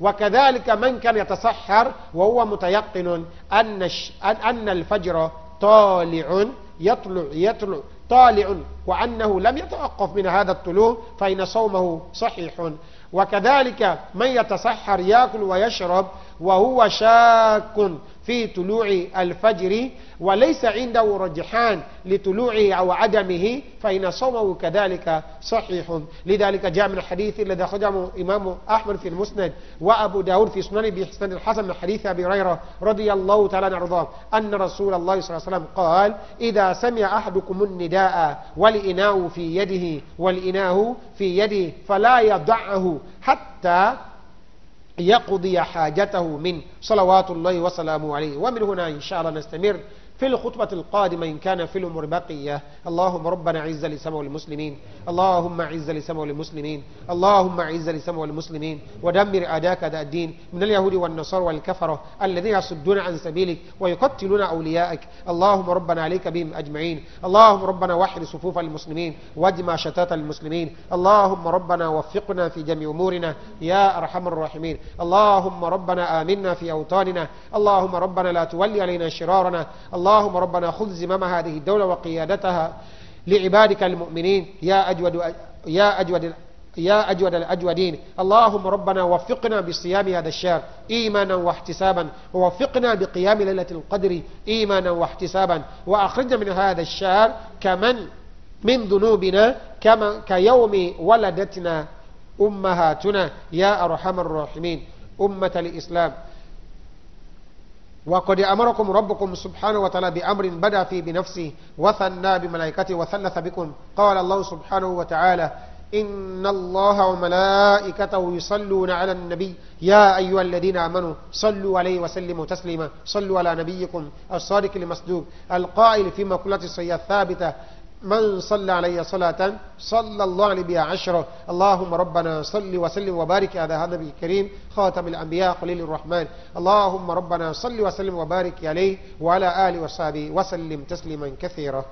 وكذلك من كان يتصحر وهو متيقن أن أن الفجر طالع يطلع يطلع طالع وأنه لم يتوقف من هذا الطلوع فإن صومه صحيح وكذلك من يتصحر يأكل ويشرب وهو شاك في طلوع الفجر وليس عنده رجحان لطلوعه أو عدمه فإن صومه كذلك صحيح لذلك جاء من الحديث الذي خدمه إمام أحمد في المسند وأبو داود في سنن بإحسان الحسن من حديث أبي هريرة رضي الله تعالى عنه أن رسول الله صلى الله عليه وسلم قال إذا سمع أحدكم النداء والإناء في يده والإناء في يده فلا يضعه حتى ليقضي حاجته من صلوات الله وسلامه عليه ومن هنا إن شاء الله نستمر في الخطبة القادمة إن كان في الأمور بقية اللهم ربنا عز لسمو المسلمين اللهم عز لسمو المسلمين اللهم عز لسمو المسلمين ودمر أداك ذا الدين من اليهود والنصارى والكفرة الذين يصدون عن سبيلك ويقتلون أوليائك اللهم ربنا عليك بهم أجمعين اللهم ربنا وحر صفوف المسلمين واجمع شتات المسلمين اللهم ربنا وفقنا في جميع أمورنا يا أرحم الراحمين اللهم ربنا آمنا في أوطاننا اللهم ربنا لا تولي علينا شرارنا اللهم اللهم ربنا خذ زمام هذه الدولة وقيادتها لعبادك المؤمنين يا أجود يا أجود يا أجود الأجودين اللهم ربنا وفقنا بصيام هذا الشهر إيمانا واحتسابا ووفقنا بقيام ليلة القدر إيمانا واحتسابا وأخرجنا من هذا الشهر كمن من ذنوبنا كما كيوم ولدتنا أمهاتنا يا أرحم الراحمين أمة الإسلام وقد أمركم ربكم سبحانه وتعالى بأمر بدأ فيه بنفسه وثنى بملائكته وثلث بكم قال الله سبحانه وتعالى إن الله وملائكته يصلون على النبي يا أيها الذين آمنوا صلوا عليه وسلموا تسليما صلوا على نبيكم الصادق المصدوق القائل في مقولة الصيحة الثابتة من صلى علي صلاة صلى الله عليه بها عشرة اللهم ربنا صل وسلم وبارك على هذا النبي الكريم خاتم الأنبياء قليل الرحمن اللهم ربنا صل وسلم وبارك عليه وعلى آله وصحبه وسلم تسليما كثيرا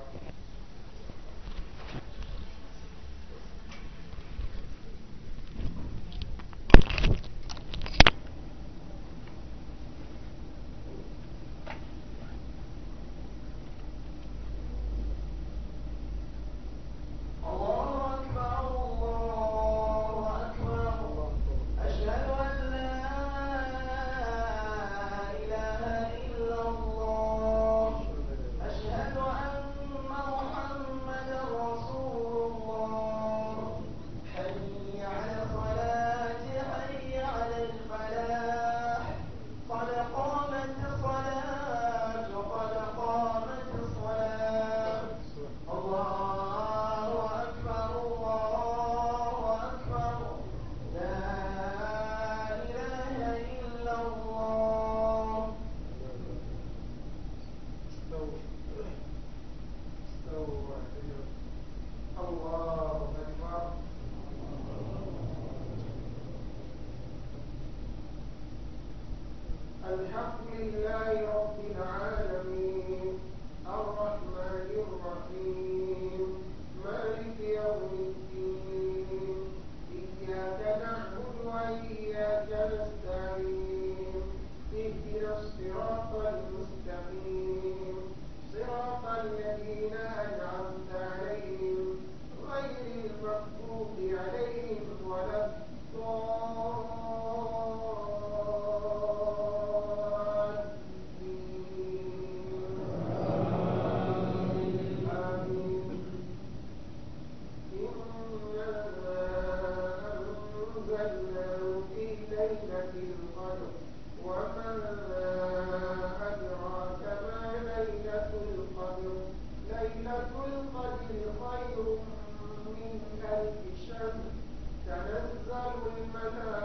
الإسلام المتاع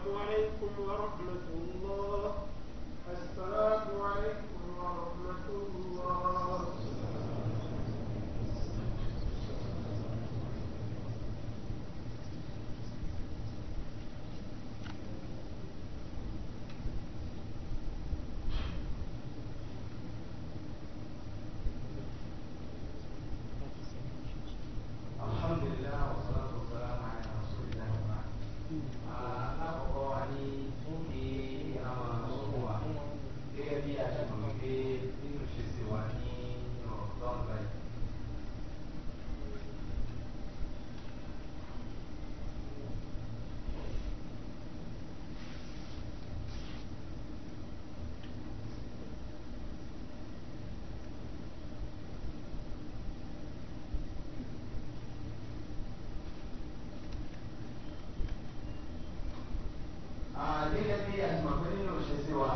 السلام عليكم ورحمة الله àti màpé nínú ìṣesí wa